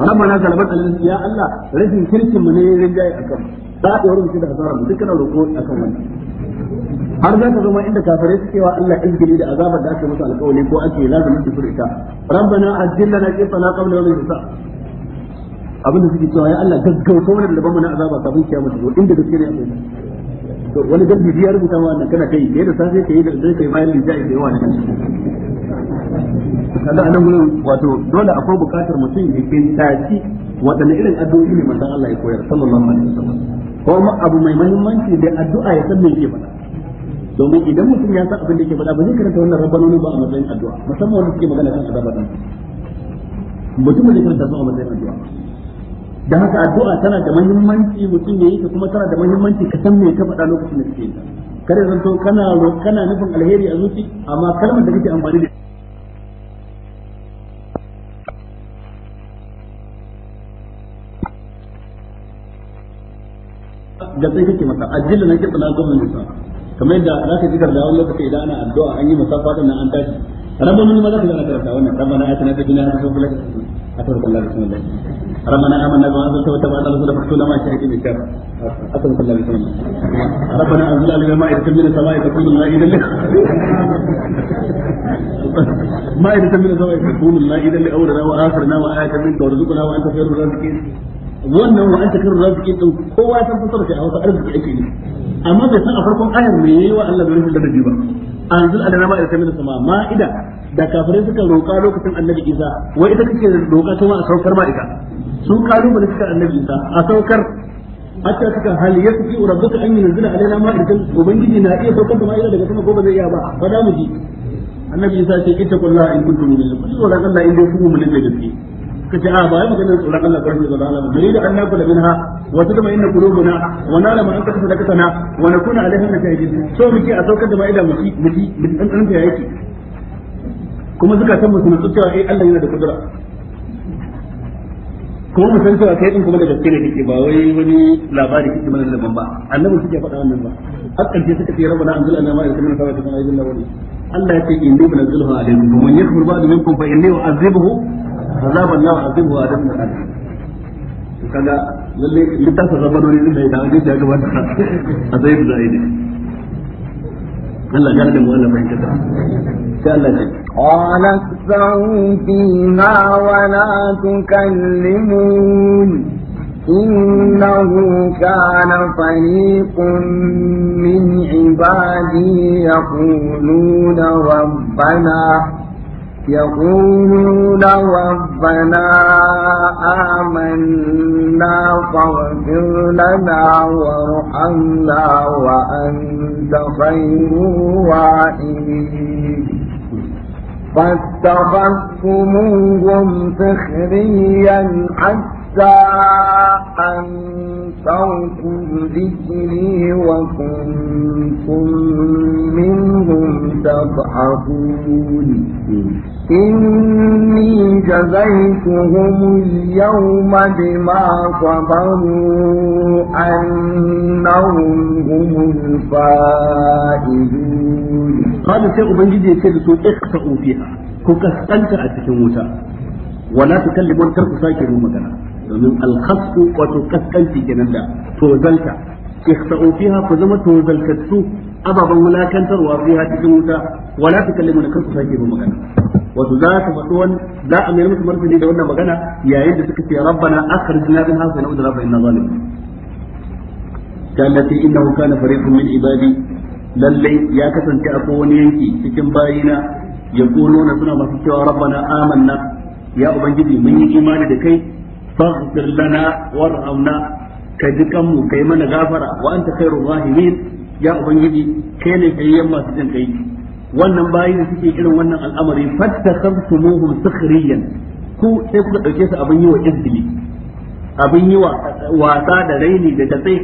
rabbana galabat alamin ya Allah rashin kirkin mu ne rinjaye akan sadawar mu da hasara mu dukkan roƙo akan wannan har za ta zama inda kafirai suke wa Allah izgili da azabar da aka musu alƙawari ko ake lazumin su furta rabbana ajjil lana qitana qabla yawm al-hisab abin da suke cewa ya Allah gaggauta wannan bamu na azaba kafin ne wani rubuta ma wannan kai da safe kai da zai kai bayan lijai ka yawa ne kaga anan gurin wato dole akwai bukatar mutum ya kintaci wadanne irin addu'o'i ne manzon Allah ya koyar sallallahu alaihi wasallam ko abu mai muhimmanci da addu'a ya san me yake faɗa domin idan mutum ya san abin da yake faɗa ba zai karanta wannan rabbanoni ba a matsayin addu'a musamman wanda suke magana kan azaba din mutum zai karanta su a matsayin addu'a dan haka addu'a tana da muhimmanci mutum ya yi ta kuma tana da muhimmanci ka san me ka faɗa lokacin da kake yi kada zanto kana kana nufin alheri a zuci amma kalmar da kake amfani da ita da sai kake masa ajil na kitsa na gwamnati sa kamar yadda za ka ji gardawa lokaci idan ana addu'a an yi masa fata nan an tashi rabbana ma za ka karanta wannan rabbana atina fid dunya hasanatan wa fil akhirati hasanatan wa qina adhaban nar rabbana amanna bima anzalta wa tabi'na rasula fatuna ma shahidin bika hasanatan wa qina adhaban rabbana anzil alayna ma'idatan min as-sama'i takunu lana idan lak ma'idatan min as-sama'i takunu lana idan lak wa akhrana wa ayatan minka wa anta wannan wa anta karra raziki din kowa san fasara kai a wasu arziki ake ne amma bai san a farkon ayar me yayi wa Allah da rashin ladabi ba anzul alana ma'a kamil sama ma'ida da kafirai suka roƙa lokacin annabi Isa wai ita kake roƙa ta ma a saukar ma ita sun kalu bane suka annabi Isa a saukar hatta suka hal yasfi rabbuka an yunzila alaina ma'idatan ubangiji na iya saukar da ma'ida daga sama ko ba zai iya ba fa da mu ji annabi Isa ce kitta kullaha in kuntum mu'minin kullu wa la in illa huwa mu'minin da gaske suka ce a ah, ba yi maganar tsoron Allah ba shi tsoron Allah ba da an naku da minha wa ta zama inna qulubuna wa nala ma an kasa da kasana wa nakuna alaihim na shahidin so muke a saukar da ma'ida muki muki muki dan dan ta yake kuma suka san mutum su cewa eh Allah yana da kudura ko mu san cewa kai din kuma da gaske ne kike ba wai wani labari kike mana da bamba annabi suke faɗa wannan ba hakkan ce suka ce rabbana anzilna ma'ida min samawati wa min ardi Allah ya ce inni banzilhu alaykum man yakfur ba'd minkum fa inni u'adhibuhu azaban yawa azibu wa adamu da kaga lalle littafin rabanoni din da ya dawo da ya gabata a zai da aidi Allah ya da mu Allah mai kada sai Allah ya قال اسعوا فيها ولا تكلمون إنه كان فريق من عبادي يقولون ربنا يقولون ربنا آمنا فاغفر لنا وارحمنا وأنت خير الراحمين فاتخذتموهم سخريا حتى أن أنكرتم ذكري وكنتم منهم تضحكون إني جزيتهم اليوم بما صبروا أنهم هم الفائزون قال الشيخ بن جدي يكرسوا اخسأوا فيها كوكا أنت أتكلم ولا تكلمون تركوا ساكنوا مكانها domin alkhasku wato kaskanci kenan da tozalta ikhsa'u fiha ku zama tozaltattu ababan wulakantarwa fiha cikin wuta wala tukallimu na kansu sake ba magana wato za ka faɗo wani za a mayar musu martani da wannan magana yayin da suka ce rabbana akhrijna min hadha na'udhu rabbana inna zalimin kallati innahu kana fariqun min ibadi lalle ya kasance a wani yanki cikin bayina na suna masu cewa rabbana amanna ya ubangiji mun yi imani da kai faghfir lana warhamna ka ji kanmu kai mana gafara wa anta khairur rahimin ya ubangiji kai ne kai yamma su jin kai wannan bayin suke irin wannan al'amari fattakhamtumuhum sukhriyan ku sai kuka dauke su abin yi wa izbili abin yi wa wasa da raini da datsai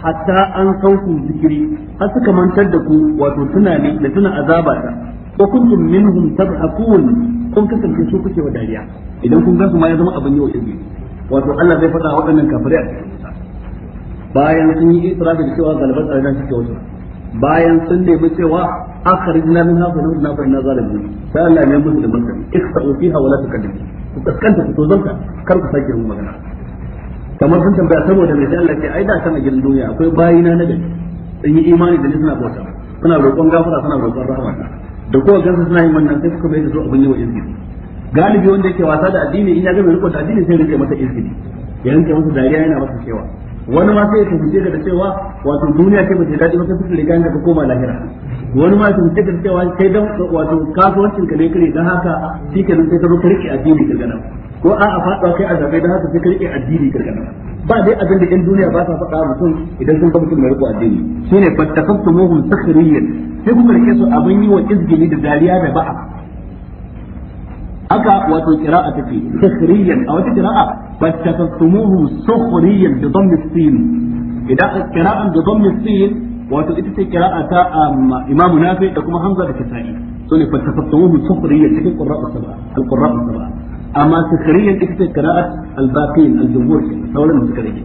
hatta an sauku zikiri har suka mantar da ku wato tunani da tuna azaba ta wa kuntum minhum tadhakun kun kasance su kuke wa dariya idan kun ga su ma ya zama abin yi wa izbili wato Allah zai faɗa waɗannan kafirai a cikin wuta bayan sun yi israfi da cewa galibar tsarin suke wuta bayan sun nemi cewa na min na nufin na fa'ina ta sai Allah ya musu da martani hawa fiha wala tukaddim ku kaskanta ku tozanta kar ku sake yin magana kamar sun tambaya saboda mai Allah ce ai da kan a gidan duniya akwai bayina na gari sun yi imani da ni suna bauta suna roƙon gafara suna roƙon rahama da kowa gansa suna yin wannan sai suka mai da su abin yi wa izini galibi wanda yake wasa da addini in ya ga mai riko da addini sai rike masa izini. ya rike masa dariya yana masa cewa wani ma sai ya tafice da cewa wato duniya ce mace dadi daɗi ba sai riga ka koma lahira wani ma ya tafice da cewa kai dan wato kasuwancin ka ne kare dan haka shi nan sai ka zo ka rike addini ka gana ko a a fada kai azabai dan haka sai ka rike addini ka gana ba dai abin da ɗan duniya ba sa faɗa mutum idan sun ga mutum mai riko addini shine fattakaftumuhum sakhriyan sai kuma rike su abin yi wa izgini da dariya da ba'a haka wato qira'a take sukhriyan a wata qira'a fattasumuhu sukhriyan bi dhamm as-sin idan qira'an bi dhamm as-sin wato ita ce qira'a ta um, imamu nafi da kuma hamza da kisai so ne fattasumuhu sukhriyan cikin qira'a sab'a al-qira'a sab'a amma sukhriyan ita ce qira'a al-baqin al-jumhur sauran suka rage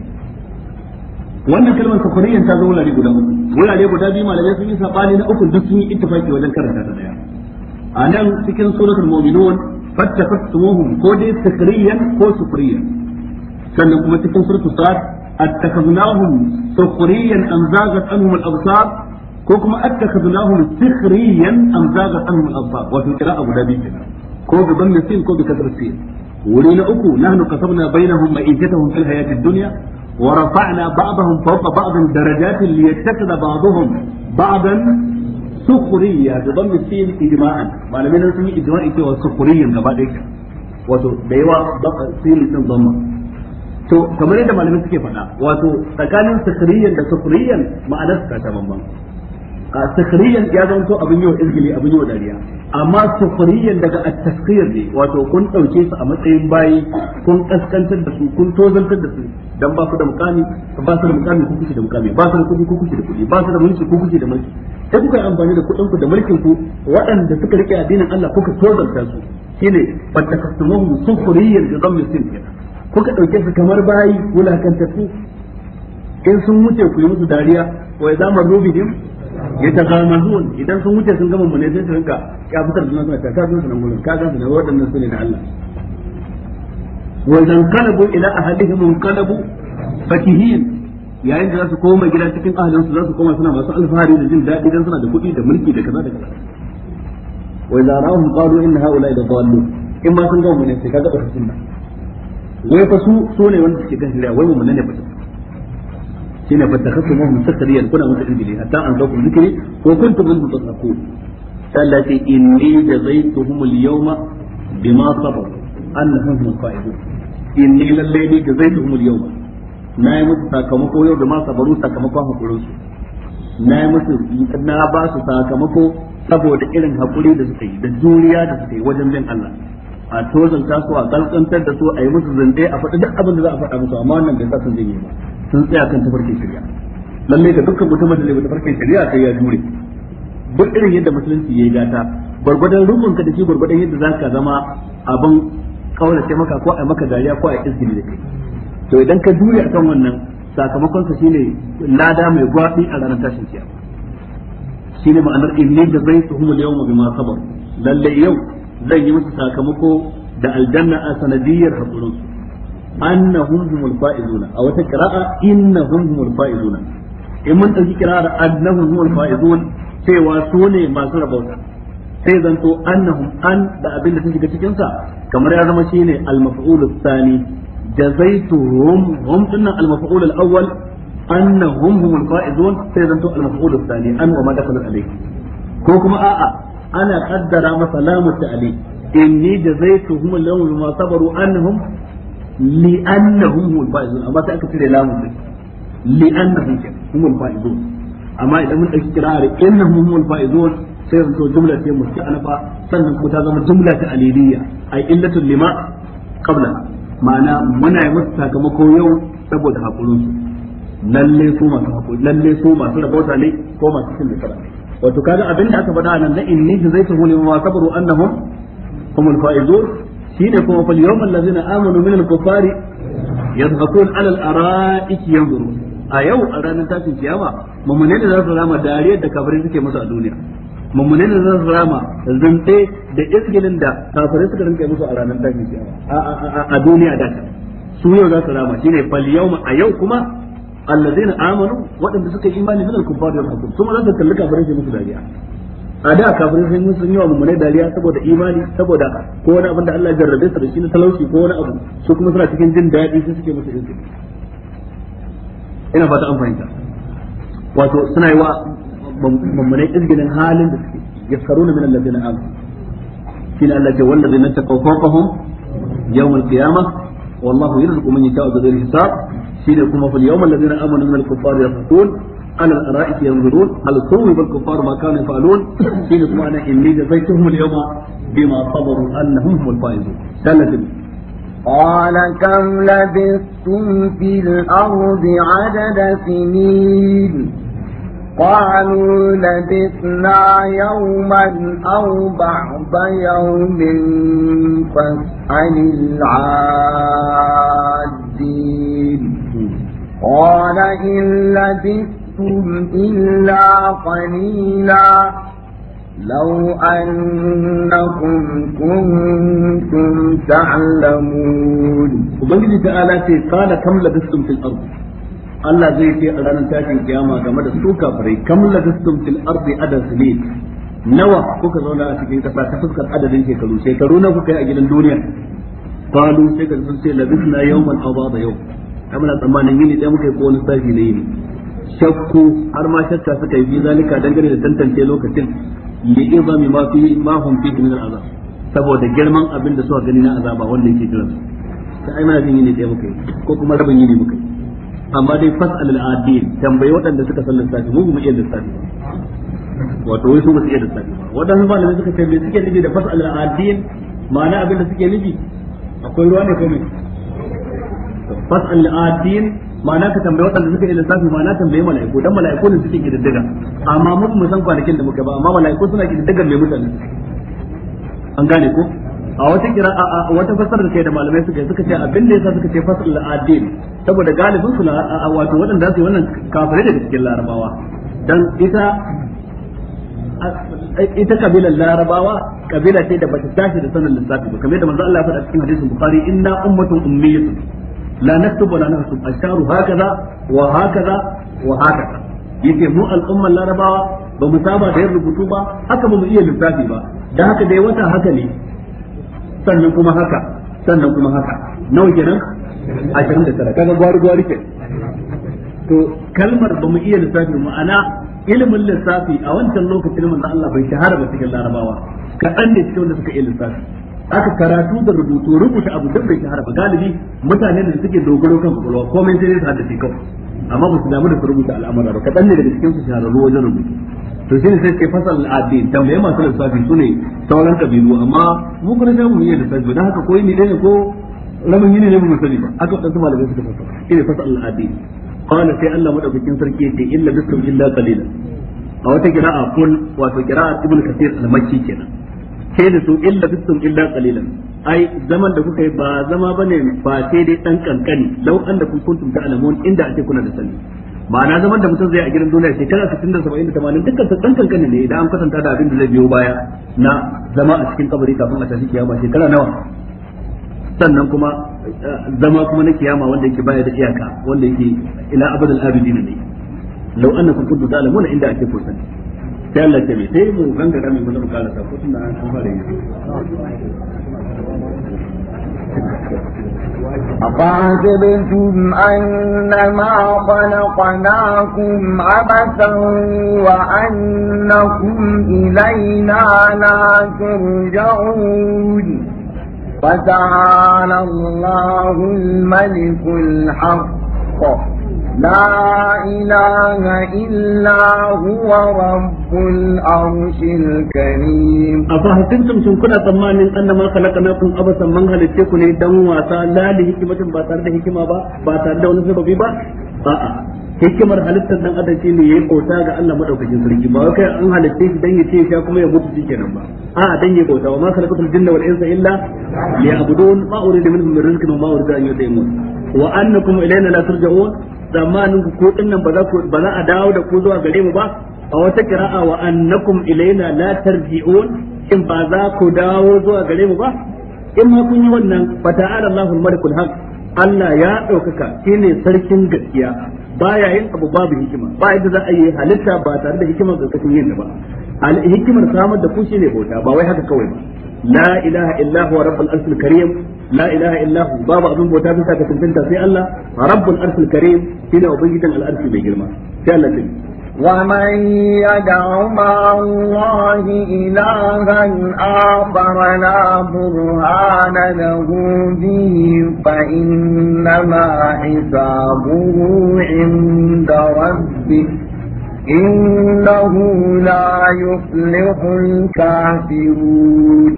wannan kalmar sukhriyan ta zo wulare guda uku Wulare guda biyu malamai sun yi sabani na uku duk sun yi ittifaki wajen karanta ta daya a nan cikin suratul mu'minun فاتخذتموهم كودي سخريا كو سخريا كان لكم تكون سورة الصلاة اتخذناهم سخريا ام زاغت عنهم الابصار كوكما اتخذناهم سخريا ام زاغت عنهم الابصار وفي القراءة ابو دابي كده كو بضم السين كو بكثرة السين ولينا اكو نحن كتبنا بينهم مئيتهم في الحياة الدنيا ورفعنا بعضهم فوق بعض درجات ليتخذ بعضهم بعضا Sukuriya da dhammi sin ijma'an malamai nan sun yi ijma'i cewa sukhriyan gaba ɗaya wato da yawa sin din dhamma to kamar yadda malamai suke faɗa wato tsakanin sukhriyan da sukhriyan ma'anar ta ta bambam A takhriyan ya zanto abin yau izgili abin yau dariya amma sufuriyan daga a taskiyar ne wato kun ɗauke su a matsayin bayi kun kaskantar da su kun tozantar da su dan ba su da mukami ba su da mukami ku kuke da mukami ba su da kuɗi ku kuke da kuɗi ba su da mulki ku kuke da mulki sai kuka yi amfani da kuɗin ku da mulkin ku waɗanda suka rike addinin Allah kuka tozanta su shine fatakastumuhum sufuriyan bi dhammi sin kuka dauke su kamar bayi su. in sun wuce ku yi musu dariya wa zama marru bihim ya ta zama zuwan idan sun wuce sun gama mune sai su rinka ya fitar da nan suna ta zo su nan gurin ka ga su da waɗannan su ne da Allah wa idan qalabu ila ahadihim qalabu fakihin yayin da za su koma gida cikin ahalinsu za su koma suna masu alfahari da jin daɗi dan suna da kuɗi da mulki da kaza da kaza wa idza ra'ahum qalu inna ha'ula'i dhallu in ma sun ga mu ne sai kaga ba sunna wai fa su so ne wanda suke kan shirya wai mu ne ba shine fa takhassu mahum sakariyan kuna mutu injili hatta an zauku zikri ko na yi musu ma sabaru sakamakon hakurin na yi musu na irin hakuri da suka da wajen bin Allah a tozanta su a kalkantar da su a yi musu zunde a faɗi duk abin da za a faɗa musu amma wannan bai sa sun janye ba sun tsaya kan tafarkin shari'a lalle da dukkan mutum da lebe tafarkin shari'a yi ya jure duk irin yadda musulunci ya yi gata gwargwadon rukunka da shi gwargwadon yadda za ka zama abin kaulace maka ko a maka dariya ko a izini da kai to idan ka jure kan wannan sakamakon ka shine lada mai gwabi a ranar tashin kiyama shine ma'anar inni da zai tuhumul yawma bima sabon lalle yau zan yi musu sakamako da aljanna a sanadiyar hakurin su annahum humul faizuna a wata qira'a innahum humul faizuna in mun dauki qira'ar annahum humul faizun cewa su ne masu rabauta sai zanto annahum an da abin da sun shiga cikin sa kamar ya zama shine al-maf'ul thani jazaituhum hum dinnan al-maf'ul al-awwal annahum humul faizun sai zanto al-maf'ul thani an wa ma dakhala alayhi ko kuma a'a ana kaddara masa lamu ta'ali inni da zaituhum lahum bima sabaru annahum li annahum hul faizun amma sai aka cire lamu din li annahum hul faizun amma idan mun dauki kira'ar innahum hul faizun sai zanto jumla ce musta'anafa sannan kuma ta zama jumla ta aliliya ay illatul lima qabla ma'ana muna yi musu sakamako yau saboda hakurin lalle da wato kaga abin da aka faɗa nan na inni zai jazaituhum lima sabaru annahum humul faizun shine kuma fal yawmal ladzina amanu min al-kuffari yadhakun ala al-ara'iki yanzuru a yau a ranar tashin kiyama mamune da za su rama dariyar da kafirai suke musu a duniya mamune da za su rama zante da isgilin da kafirai suka rinka musu a ranar tashin kiyama a duniya da su yau za su rama shine fal yawma a yau kuma allazina amanu waɗanda suka yi imani min al-kuffar yarhakum su ma za su kalli musu dariya a da kafirai sai mun sun yi wa mummunai dariya saboda imani saboda ko wani abin da Allah ya jarrabe su da talauci ko wani su cikin jin daɗi sun suke musu jinsi ina fata an fahimta wato suna yi wa mummunai izginin halin da suke yaskaruna min allazina amanu shi Allah ke wallazina taqaw fawqahum yawm al-qiyamah wallahu yarzuqu man yasha'u bighayri hisab shine kuma في اليوم الذين امنوا min الكفار kuffar على الارائك ينظرون هل ثوب الكفار ما كانوا يفعلون حين معنى اني جزيتهم اليوم بما صبروا انهم هم الفائزون قال كم لبثتم في الارض عدد سنين قالوا لبثنا يوما أو بعض يوم فاسأل العادين قال إن لبثتم إلا قليلا لو أنكم كنتم تعلمون وبنجي تعالى قال كم لبثتم في الأرض Allah zai ce a ranar tashin kiyama game da su kafirai kam ladastum fil ardi adad sinin nawa kuka zauna a cikin kasa ta fuskar adadin shekaru shekaru na kuka yi a gidan duniya qalu sai ka sun ce labisna yawman aw ba'da yawm muna tsammanin yini ɗaya muka yi ko wani sashi na yini shakku har ma shakka suka yi zalika dangane da tantance lokacin li izami ma mai ma mahun fi min azab saboda girman abin da suka gani na azaba wanda yake jiran ta ai mana yini da muka yi ko kuma rabin yini muka yi amma dai fas'al al-adil tambayi waɗanda suka san lissafi mu mu iya lissafi wato wai su ba su iya lissafi ba waɗansu malamai suka ce me suke nufi da fas'al al-adil ma'ana abin da suke nufi akwai ruwa ne ko me fas'al atin ma'ana ka tambaye waɗanda suka yi lissafi ma'ana tambaye mala'iku dan mala'iku ne suke kididdiga amma mu mu san kwanakin da muka ba amma mala'iku suna kididdiga mai mutane an gane ko a wata kira a wata fasarar kai da malamai suka yi suka ce abin da yasa suka ce fasal adil saboda galibin su wato waɗanda su yi wannan kafare da cikin larabawa dan ita ita kabilar larabawa kabila ce da bata tashi da sanin lissafi ba kamar da manzo Allah ya faɗa cikin hadisin bukhari inna ummatun ummiyatun la naktub wa la nahsub asharu hakaza wa hakaza wa hakaza yace mu al'ummar larabawa ba mu saba da yin rubutu ba haka ba mu iya lissafi ba Da haka dai wata haka ne sannan kuma haka sannan kuma haka nawa kenan 29 kaga gwari gwari ke to kalmar ba mu iya lissafi ma'ana ilimin lissafi a wancan lokacin manzo Allah bai shahara ba cikin larabawa kaɗan ne cikin wanda suka iya lissafi aka karatu da rubutu rubuta abu duk bai shahara ba galibi mutane da suke dogaro kan kwakwalwa komai sai dai su haddace kawai amma ba su damu da su rubuta al'amura ba kaɗan ne daga cikin su shahararru wajen rubutu to shine sai ke fasal al'adin tambaye masu lissafi su ne sauran kabilu amma mu kuma sai mu yi da sabbi dan haka koyi ne ne ko ramin yini ne mu sani ba aka dan kuma da suka fasal shine fasal al'adin qala sai Allah madaukakin sarki yace illa bisum illa qalila a wata qira'a kul wato qira'at ibn kathir al-makki kenan ke da su illa bisum illa qalilan ai zaman da kuka yi ba zama bane ba sai dai dan kankani law anda kun kuntum ta'lamun inda ake kuna da sani ma'ana zaman da mutum zai a gidan duniya shekara 60 da 70 da 80 dukkan sa dan kankani ne idan an kasanta da abin da zai biyo baya na zama a cikin kabari kafin a tashi kiyama shekara nawa sannan kuma eh, zama kuma na kiyama wanda yake baya da iyaka wanda yake ila abadul abidin ne law annakum kuntum ta'lamuna inda ake kun sai Allah ke mai sai mu gangara mai mana bukala ta ko tunda an fara yi أفحسبتم أنما خلقناكم عبثا وأنكم إلينا لا ترجعون فتعالى الله الملك الحق لا إله إلا هو رب الأرش الكريم أفهمتم شن سنكنا تمان أن ما خلقناكم أبسا من هل تكون دم وعطا لا لهكمة باتر لهكمة باتر دون سبب با hikimar halittar dan adam shi ne yayi bauta ga Allah madaukakin sarki ba kai an halitta shi dan ya ce sha kuma ya mutu shikenan ba a dan yayi bauta wa ma khalaqatul jinna wal insa illa liya'budun ma uridu minhum min rizqin wa ma uridu an yutaimun wa annakum ilayna la turja'un zamanin ku ko dinnan ba za ku ba za a dawo da ku zuwa gare mu ba a wata qira'a wa annakum ilayna la tarji'un in ba za ku dawo zuwa gare mu ba in ma kun yi wannan fa ta'ala Allahul malikul haq Allah ya ɗaukaka shine sarkin gaskiya baya yin abu babu hikima ba yadda za a yi halitta ba tare da hikimar karkashin yin ba al hikimar samar da ku ne bauta ba wai haka kawai ba la ilaha illa huwa rabbul arshil karim la ilaha illa hu babu abin bauta bisa ka tantance sai Allah rabbul arshil karim shine ubangijin al arshi mai girma sai Allah ومن يدع مع الله إلها آخر لا برهان له به فإنما حسابه عند ربه إنه لا يفلح الكافرون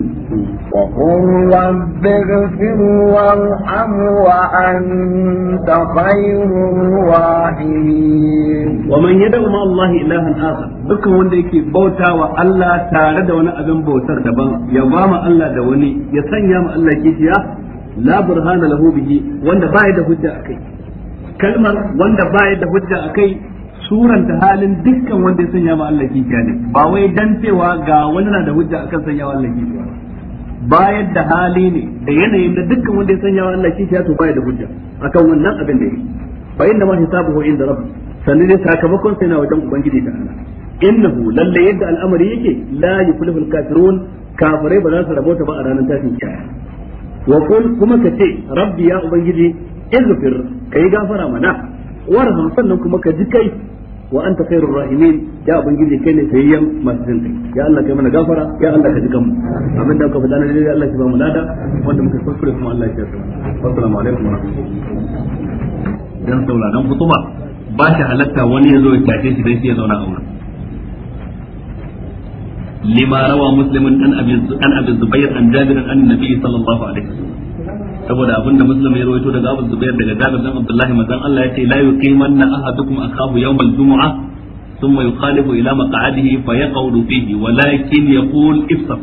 وقل رب اغفر وارحم وأنت خير الراحمين ومن يدعو مع الله إلها آخر dukkan wanda yake bauta wa Allah tare da wani abin bautar daban ya ba mu Allah da wani ya sanya ma Allah kishiya la burhana lahu bihi wanda baya da hujja akai kalmar wanda baya da hujja akai suranta halin dukkan wanda ya sanya ma Allah kishiya ne ba wai dan cewa ga wani na da hujja akan sanya wa Allah kishiya bayar da hali ne da yanayin da dukkan wanda ya sanya wa Allah kishi ya to baya da hujja akan wannan abin da yake fa inda ma hisabuhu inda rabbi sannan ne sakamakon sai na wajen ubangiji da Allah innahu lalla yadda al'amari yake la yukulul kafirun kafirai ba za su rabota ba a ranar tashin kiyama wa qul kuma kace rabbi ya ubangiji izfir kai gafara mana warham sannan kuma ka ji kai wa anta khairur rahimin ya ubangiji kai ne sayyan masu jin ya Allah kai mana gafara ya Allah ka jikan mu amin da ka faɗa na dai Allah ya ba mu lada wanda muka kuskure kuma Allah ya mu assalamu alaikum wa rahmatullahi dan sauraron kutuba ba shi halatta wani ya zo ya tace shi dan shi ya zauna a wurin لما روى مسلم عن ابي عن ابي an عن an عن النبي صلى الله saboda abinda muslim ya rawaito daga abu zubair daga jabir dan abdullahi manzon Allah yace la yuqimanna ahadukum akahu yawm al-jum'ah thumma yukhalifu ila maq'adihi fa yaqudu fihi walakin yaqul ifsah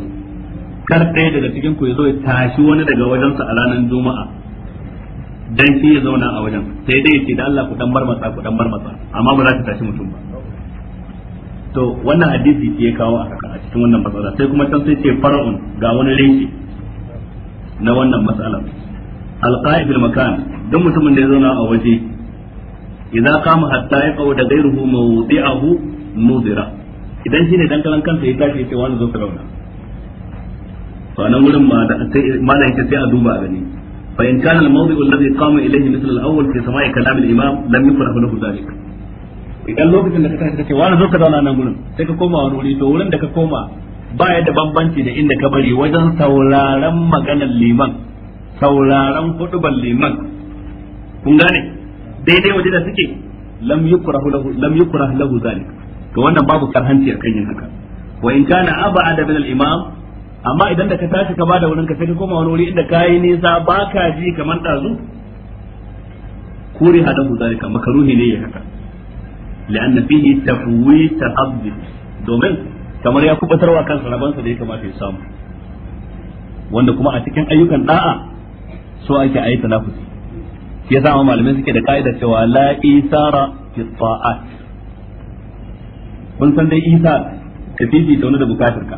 kar ɗaya daga cikin ku yazo ya tashi wani daga wajensa a ranar juma'a dan shi ya zauna a wajen sai dai yace da Allah ku dan bar matsa ku dan bar matsa amma ba za ta tashi mutum ba to wannan hadisi ya kawo a haka a cikin wannan matsala sai kuma can sai ce fara'un ga wani reshe na wannan matsalar alqa'i bil makan dan mutumin da ya zauna a waje idza qama hatta yaqau da ghayruhu mawdi'ahu mudira idan dan kalan kansa ya tashi sai wani zo ka zauna nan wurin ma da sai malan yake sai a duba a gani fa in kana al-mawdi'u alladhi qama ilayhi mithl al-awwal fi sama'i kalam al-imam lam yufrahu lahu dhalik idan lokacin da ka tashi kace wani zo ka zauna nan gurin sai ka koma wani wuri to wurin da ka koma ba ya da bambanci da inda ka bari wajen sauraron maganar liman sauraron hudubar liman kun gane daidai waje da suke lam yi kura lam lahu zalik to wannan babu karhanci akan yin haka wa in kana abada min al-imam amma idan da ka tashi ka bada wurin ka sai ka koma wani wuri inda kayi nisa ka ji kamar dazu kuri hadahu zalika makaruhi ne ya haka لأن فيه تفويت الأرض domin kamar ya kubatarwa kansa rabansa da ya kamata ya samu wanda kuma a cikin ayyukan da'a so ake ayi tanafusi shi yasa ma malamai suke da ka'ida cewa la isara fi ta'at kun san dai isa ka fifi ta wani da bukatar ka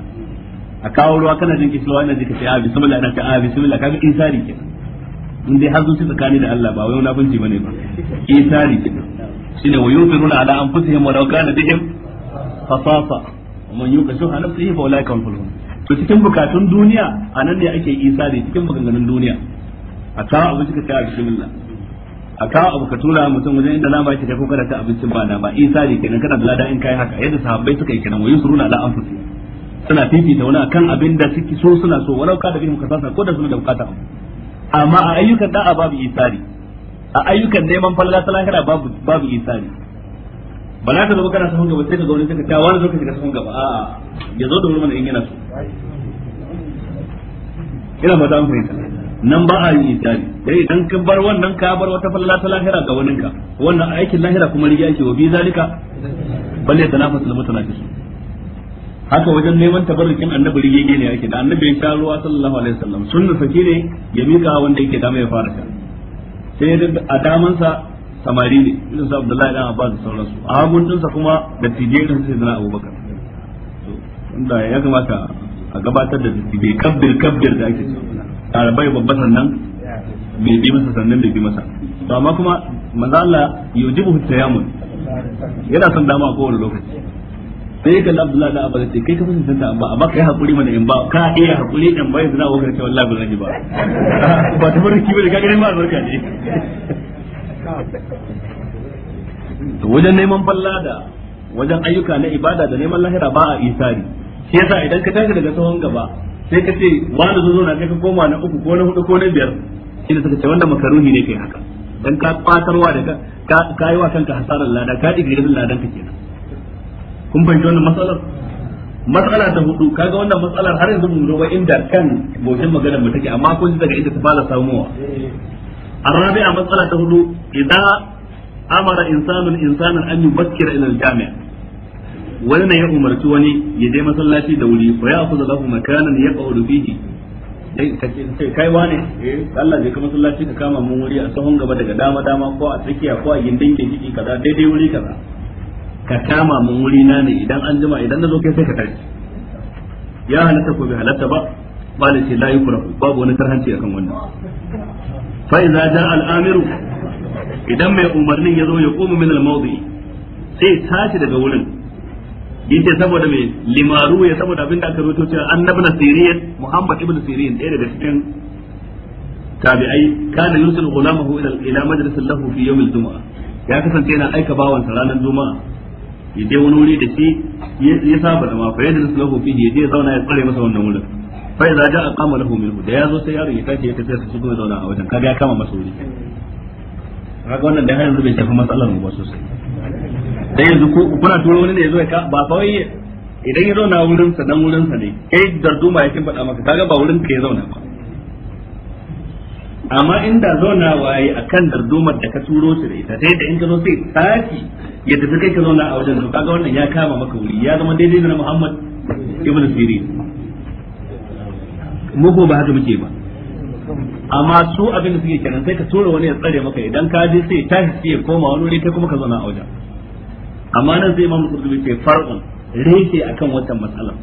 a kawo ruwa kana jin kishirwa ina jin ka ce a ah, bismillah ina ce a ah, bismillah kaga isari ke in dai har zuci tsakani da Allah ba wai wani abinci bane ba isari ke shine wa yunfiruna ala anfusihim wa law kana bihim fasasa man yuka shuha yi fa ulaika hum to cikin bukatun duniya a nan ne ake isari cikin maganganun duniya a kawo abinci ka kai a bismillah a kawo abu ka tura mutum wajen inda nama yake kai ko kada ta abincin ba na ba isa ne kenan kana da ladan in kai haka yadda sahabbai suka yi kenan wayu suruna ala anfusihim suna fifita wani akan abin da suke so suna so walau ka da bin ka sasa ko da suna da bukata amma a ayyukan da'a babu isari a ayyukan neman falala falla kada babu babu isari ba za ka zo kana sahun gaba sai ka gauri sai ka ta wani zo ka shiga sahun gaba a ya zo da wani mana in yana so ina fata an fahimta nan ba a yi inkari dai idan ka bar wannan ka bar wata falala ta lahira ga wani ka wannan aikin lahira kuma riya ke wa bi zalika balle tanafasul mutanafis haka wajen neman tabarrukin annabi rige ne yake da annabi ya sha ruwa sallallahu alaihi wasallam sunna sake ne ya mika wanda yake dama ya fara sai da a damansa samari ne idan sa Abdullahi dan Abbas da sauransu a hagun sa kuma da tije irin sai zana Abubakar wanda ya kamata a gabatar da zuci bai kabbir kabbir da ake a bai babban sannan bai bi masa sannan bai bi masa to amma kuma manzo Allah yujibu tayammum yana son dama a kowane lokaci sai kalli Abdullahi da Abba ce kai ka fashin tanta amma amma kai hakuri mana in ba ka iya hakuri dan bai yanzu na wakar ce wallahi ba zan ba *laughs* ba ta barki ba da ka gani ma albarka ne *laughs* to wajen neman falla da wajen ayyuka na ibada da neman lahira ba a isari shi yasa idan ka tashi daga tsohon gaba sai ka ce wani zo na sai ka koma na uku ko na hudu ko na biyar shi da suka ce wanda makaruhi ne kai haka dan ka kwatarwa da ka ka yi wa kanka hasarar lada ka digirin ladan ka kenan kun fahimci wannan matsalar matsala ta hudu kaga wannan matsalar har yanzu mun ba inda kan goshin maganar mu take amma kun ji daga inda ta fara samuwa الرابعة مسألة هدوء إذا أمر إنسان إنسانا أن يبكر ila الجامع wani ne ya umarci wani ya je masallaci da wuri fa ya akhudha lahu makanan yaq'udu fihi sai kai wane eh Allah je ka masallaci ka kama mun wuri a sahun gaba daga dama dama ko a tsakiya ko a gindin kinkiki kaza daidai wuri kaza ka kama mun wuri na ne idan an jima idan na zo kai sai ka tarki ya halatta ko bai halatta ba ba da ce la yukrahu babu wani tarhanci akan wannan fa idza jaa al-amiru idan mai umarnin ya zo ya koma min al-mawdi sai tashi daga wurin yace saboda me limaru ya saboda abin da aka rubuto cewa annabna siriyan muhammad ibn siriyan ɗaya daga cikin tabi'ai kana yursilu ghulamahu ila ila madrasatin lahu fi yawm al-jum'a ya kasance yana aika bawansa ranar juma'a ya je wani wuri da shi ya saba da ma fa yadda lahu fi ya je zauna ya tsare masa wannan wurin fa idza ja'a qama lahu minhu da yazo sai yaron ya tashi ya tafi sai su kuma zauna a wajen kaga ya kama masa wuri kaga wannan da har yanzu bai shafi matsalar mu ba sosai dan yanzu ko kuna turo wani ne ya ya ka ba fa wai idan ya na wurin sa dan wurin sa ne kai darduma yake faɗa maka kaga ba wurin ka ya zauna ba amma inda zauna waye akan dardumar da ka turo shi da ita sai da in ka zo sai saki ya tafi kai ka zauna a wajen to kaga wannan ya kama maka wuri ya zama daidai da Muhammad ibn Sirin mu ko ba haka muke ba amma su abin da suke kenan sai ka tura wani ya tsare maka idan ka je sai tashi sai ya koma wani wuri kai kuma ka zauna a wajen amma nan zai imamu qurtubi ce farqun a kan wannan matsala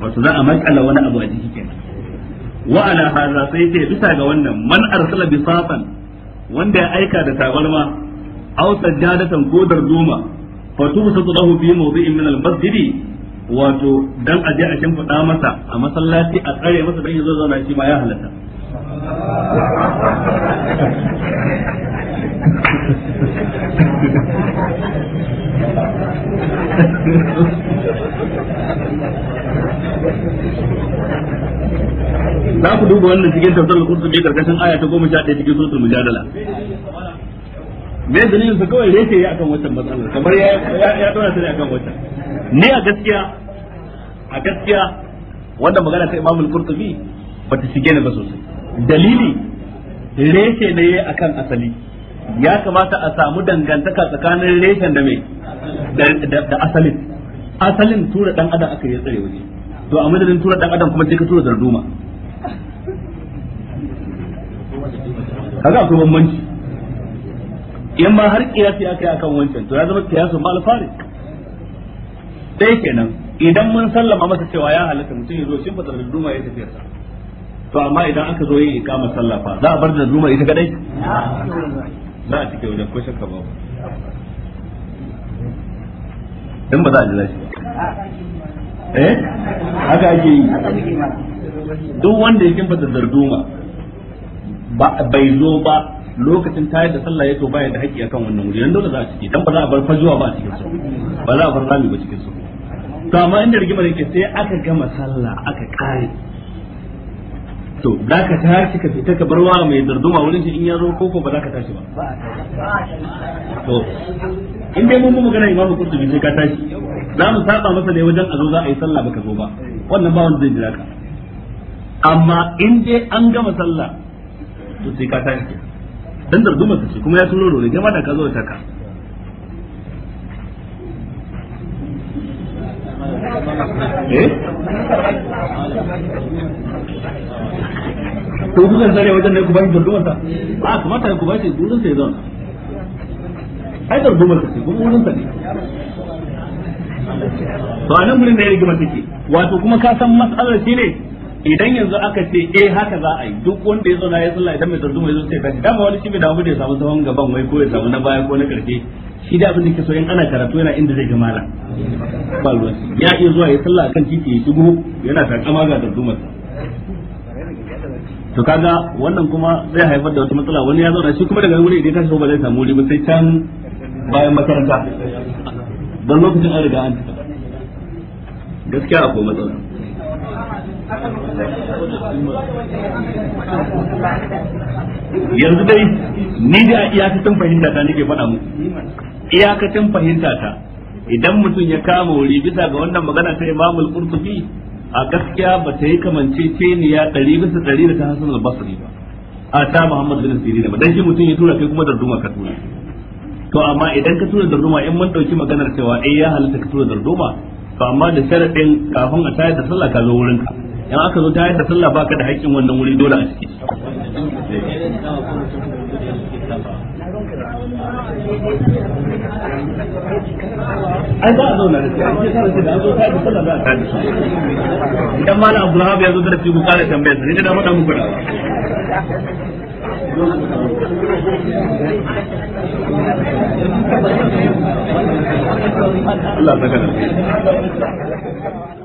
wato za a makala wani abu a jiki kenan wa ala sai ce bisa ga wannan man arsala bi wanda ya aika da tabarma aw sajadatan ko darduma fa tubsatu lahu fi mawdi'in min al-masjid wato dan aje a shin masa a masallaci a tsare masa dan yazo zauna shi ma ya halatta za ku duba wannan cikin tafsirar kurtubi karkashin aya ta goma sha ɗaya cikin suratul mujadala me dalilin sa kawai rete ya akan wannan matsala kamar ya ya dora ta ne akan wancan ni a gaskiya a gaskiya wanda magana ta Imam al-Qurtubi bata shige ni ba sosai dalili rete ne akan asali ya kamata a samu dangantaka tsakanin reshen da mai da asalin asalin tura dan adam aka yi tsare waje to a madadin tura dan adam kuma sai ka tura darduma kaga akwai bambanci in ma har kiyasi aka yi akan wancan to ya zama kiyasu ma alfari sai kenan idan mun sallama masa cewa ya halatta mutum ya zo shin fa darduma ya tafi sa to amma idan aka zo yin ikamar sallah fa za a bar darduma ita kadai za a cike wajen ko shakka ba in ba za a ji zafi eh haka ake yi duk wanda ya kimfa da darduma bai zo ba lokacin tayar da sallah ya to baya da haƙƙi akan wannan wuri dan dole za a cike dan ba za a bar fajuwa ba a cikin su ba za a bar rami ba cikin su to amma inda rigimar yake sai aka gama sallah aka kare to za ka tashi ka fita ka bar wa mai darduma wurin shi in ya zo koko ba za ka tashi ba to in dai mun magana imamu qurtubi sai ka tashi za mu saba masa ne wajen a zo za a yi sallah baka zo ba wannan ba wanda zai jira ka amma in dai an gama sallah to sai ka tashi dan darduma ce kuma ya turo rore jama'a da ka zo ta ka eh to ku zan zare wajen ne ku bashi a kamata ku bashi gurin ai kuma gurin ta ne to a nan ne da ya rigima take wato kuma ka san matsalar shi ne idan yanzu aka ce eh haka za a yi duk wanda ya na ya sallah idan mai darduma ya zo sai tashi dama wani shi bai damu da ya samu tsawon gaban wai ko ya samu na baya ko na karshe shi da abin da ke so in ana karatu yana inda zai ga la. ba ruwan ya iya zuwa ya sallah akan titi ya dubo yana takama ga sa to kaga wannan kuma zai haifar da wata matsala wani ya zauna shi kuma daga wuri idan shigo ba zai samu wuri ba sai can bayan makaranta don lokacin an riga an tafi gaskiya akwai matsala yanzu dai ni da iyakacin fahimta ta nake faɗa muku iyakacin fahimta ta idan mutum ya kama wuri bisa ga wannan magana ta imamul qurtubi a gaskiya ba ta yi kamance kamanceceniya ɗari bisa ɗari da ta hasan al-basri ba a ta muhammad bin sirin ba dan shi mutum ya tura kai kuma darduma ka tura to amma idan ka tura darduma in mun dauki maganar cewa eh ya halitta ka tura darduma to amma da sharadin kafin a tayar da sallah ka zo wurin ka in aka zo tayar da sallah baka da haƙƙin wannan wuri dole a ciki ai za a zauna da shi an ce da zo ta yi sallah za a tabi idan malam abdulhab ya zo da rafi bukara tambayar sa ne da dama damu gudawa Allah ta